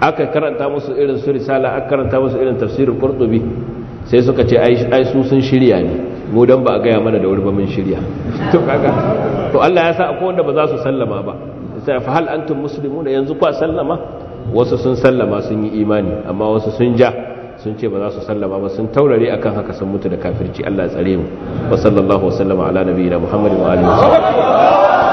aka karanta musu irin su risala aka karanta musu irin tafsirin qurtubi sai suka ce ai su sun shirya ne mu dan ba a gaya mana da wuri ba mun shirya to kaga to Allah ya sa akwai wanda ba za su sallama ba sai fa hal antum muslimuna yanzu kwa sallama wasu sun sallama sun yi imani amma wasu sun ja sun ce ba za su sallama ba sun taurare akan haka sun mutu da kafirci Allah ya tsare mu wa sallallahu wa sallama ala nabiyina muhammadin wa alihi wa sahbihi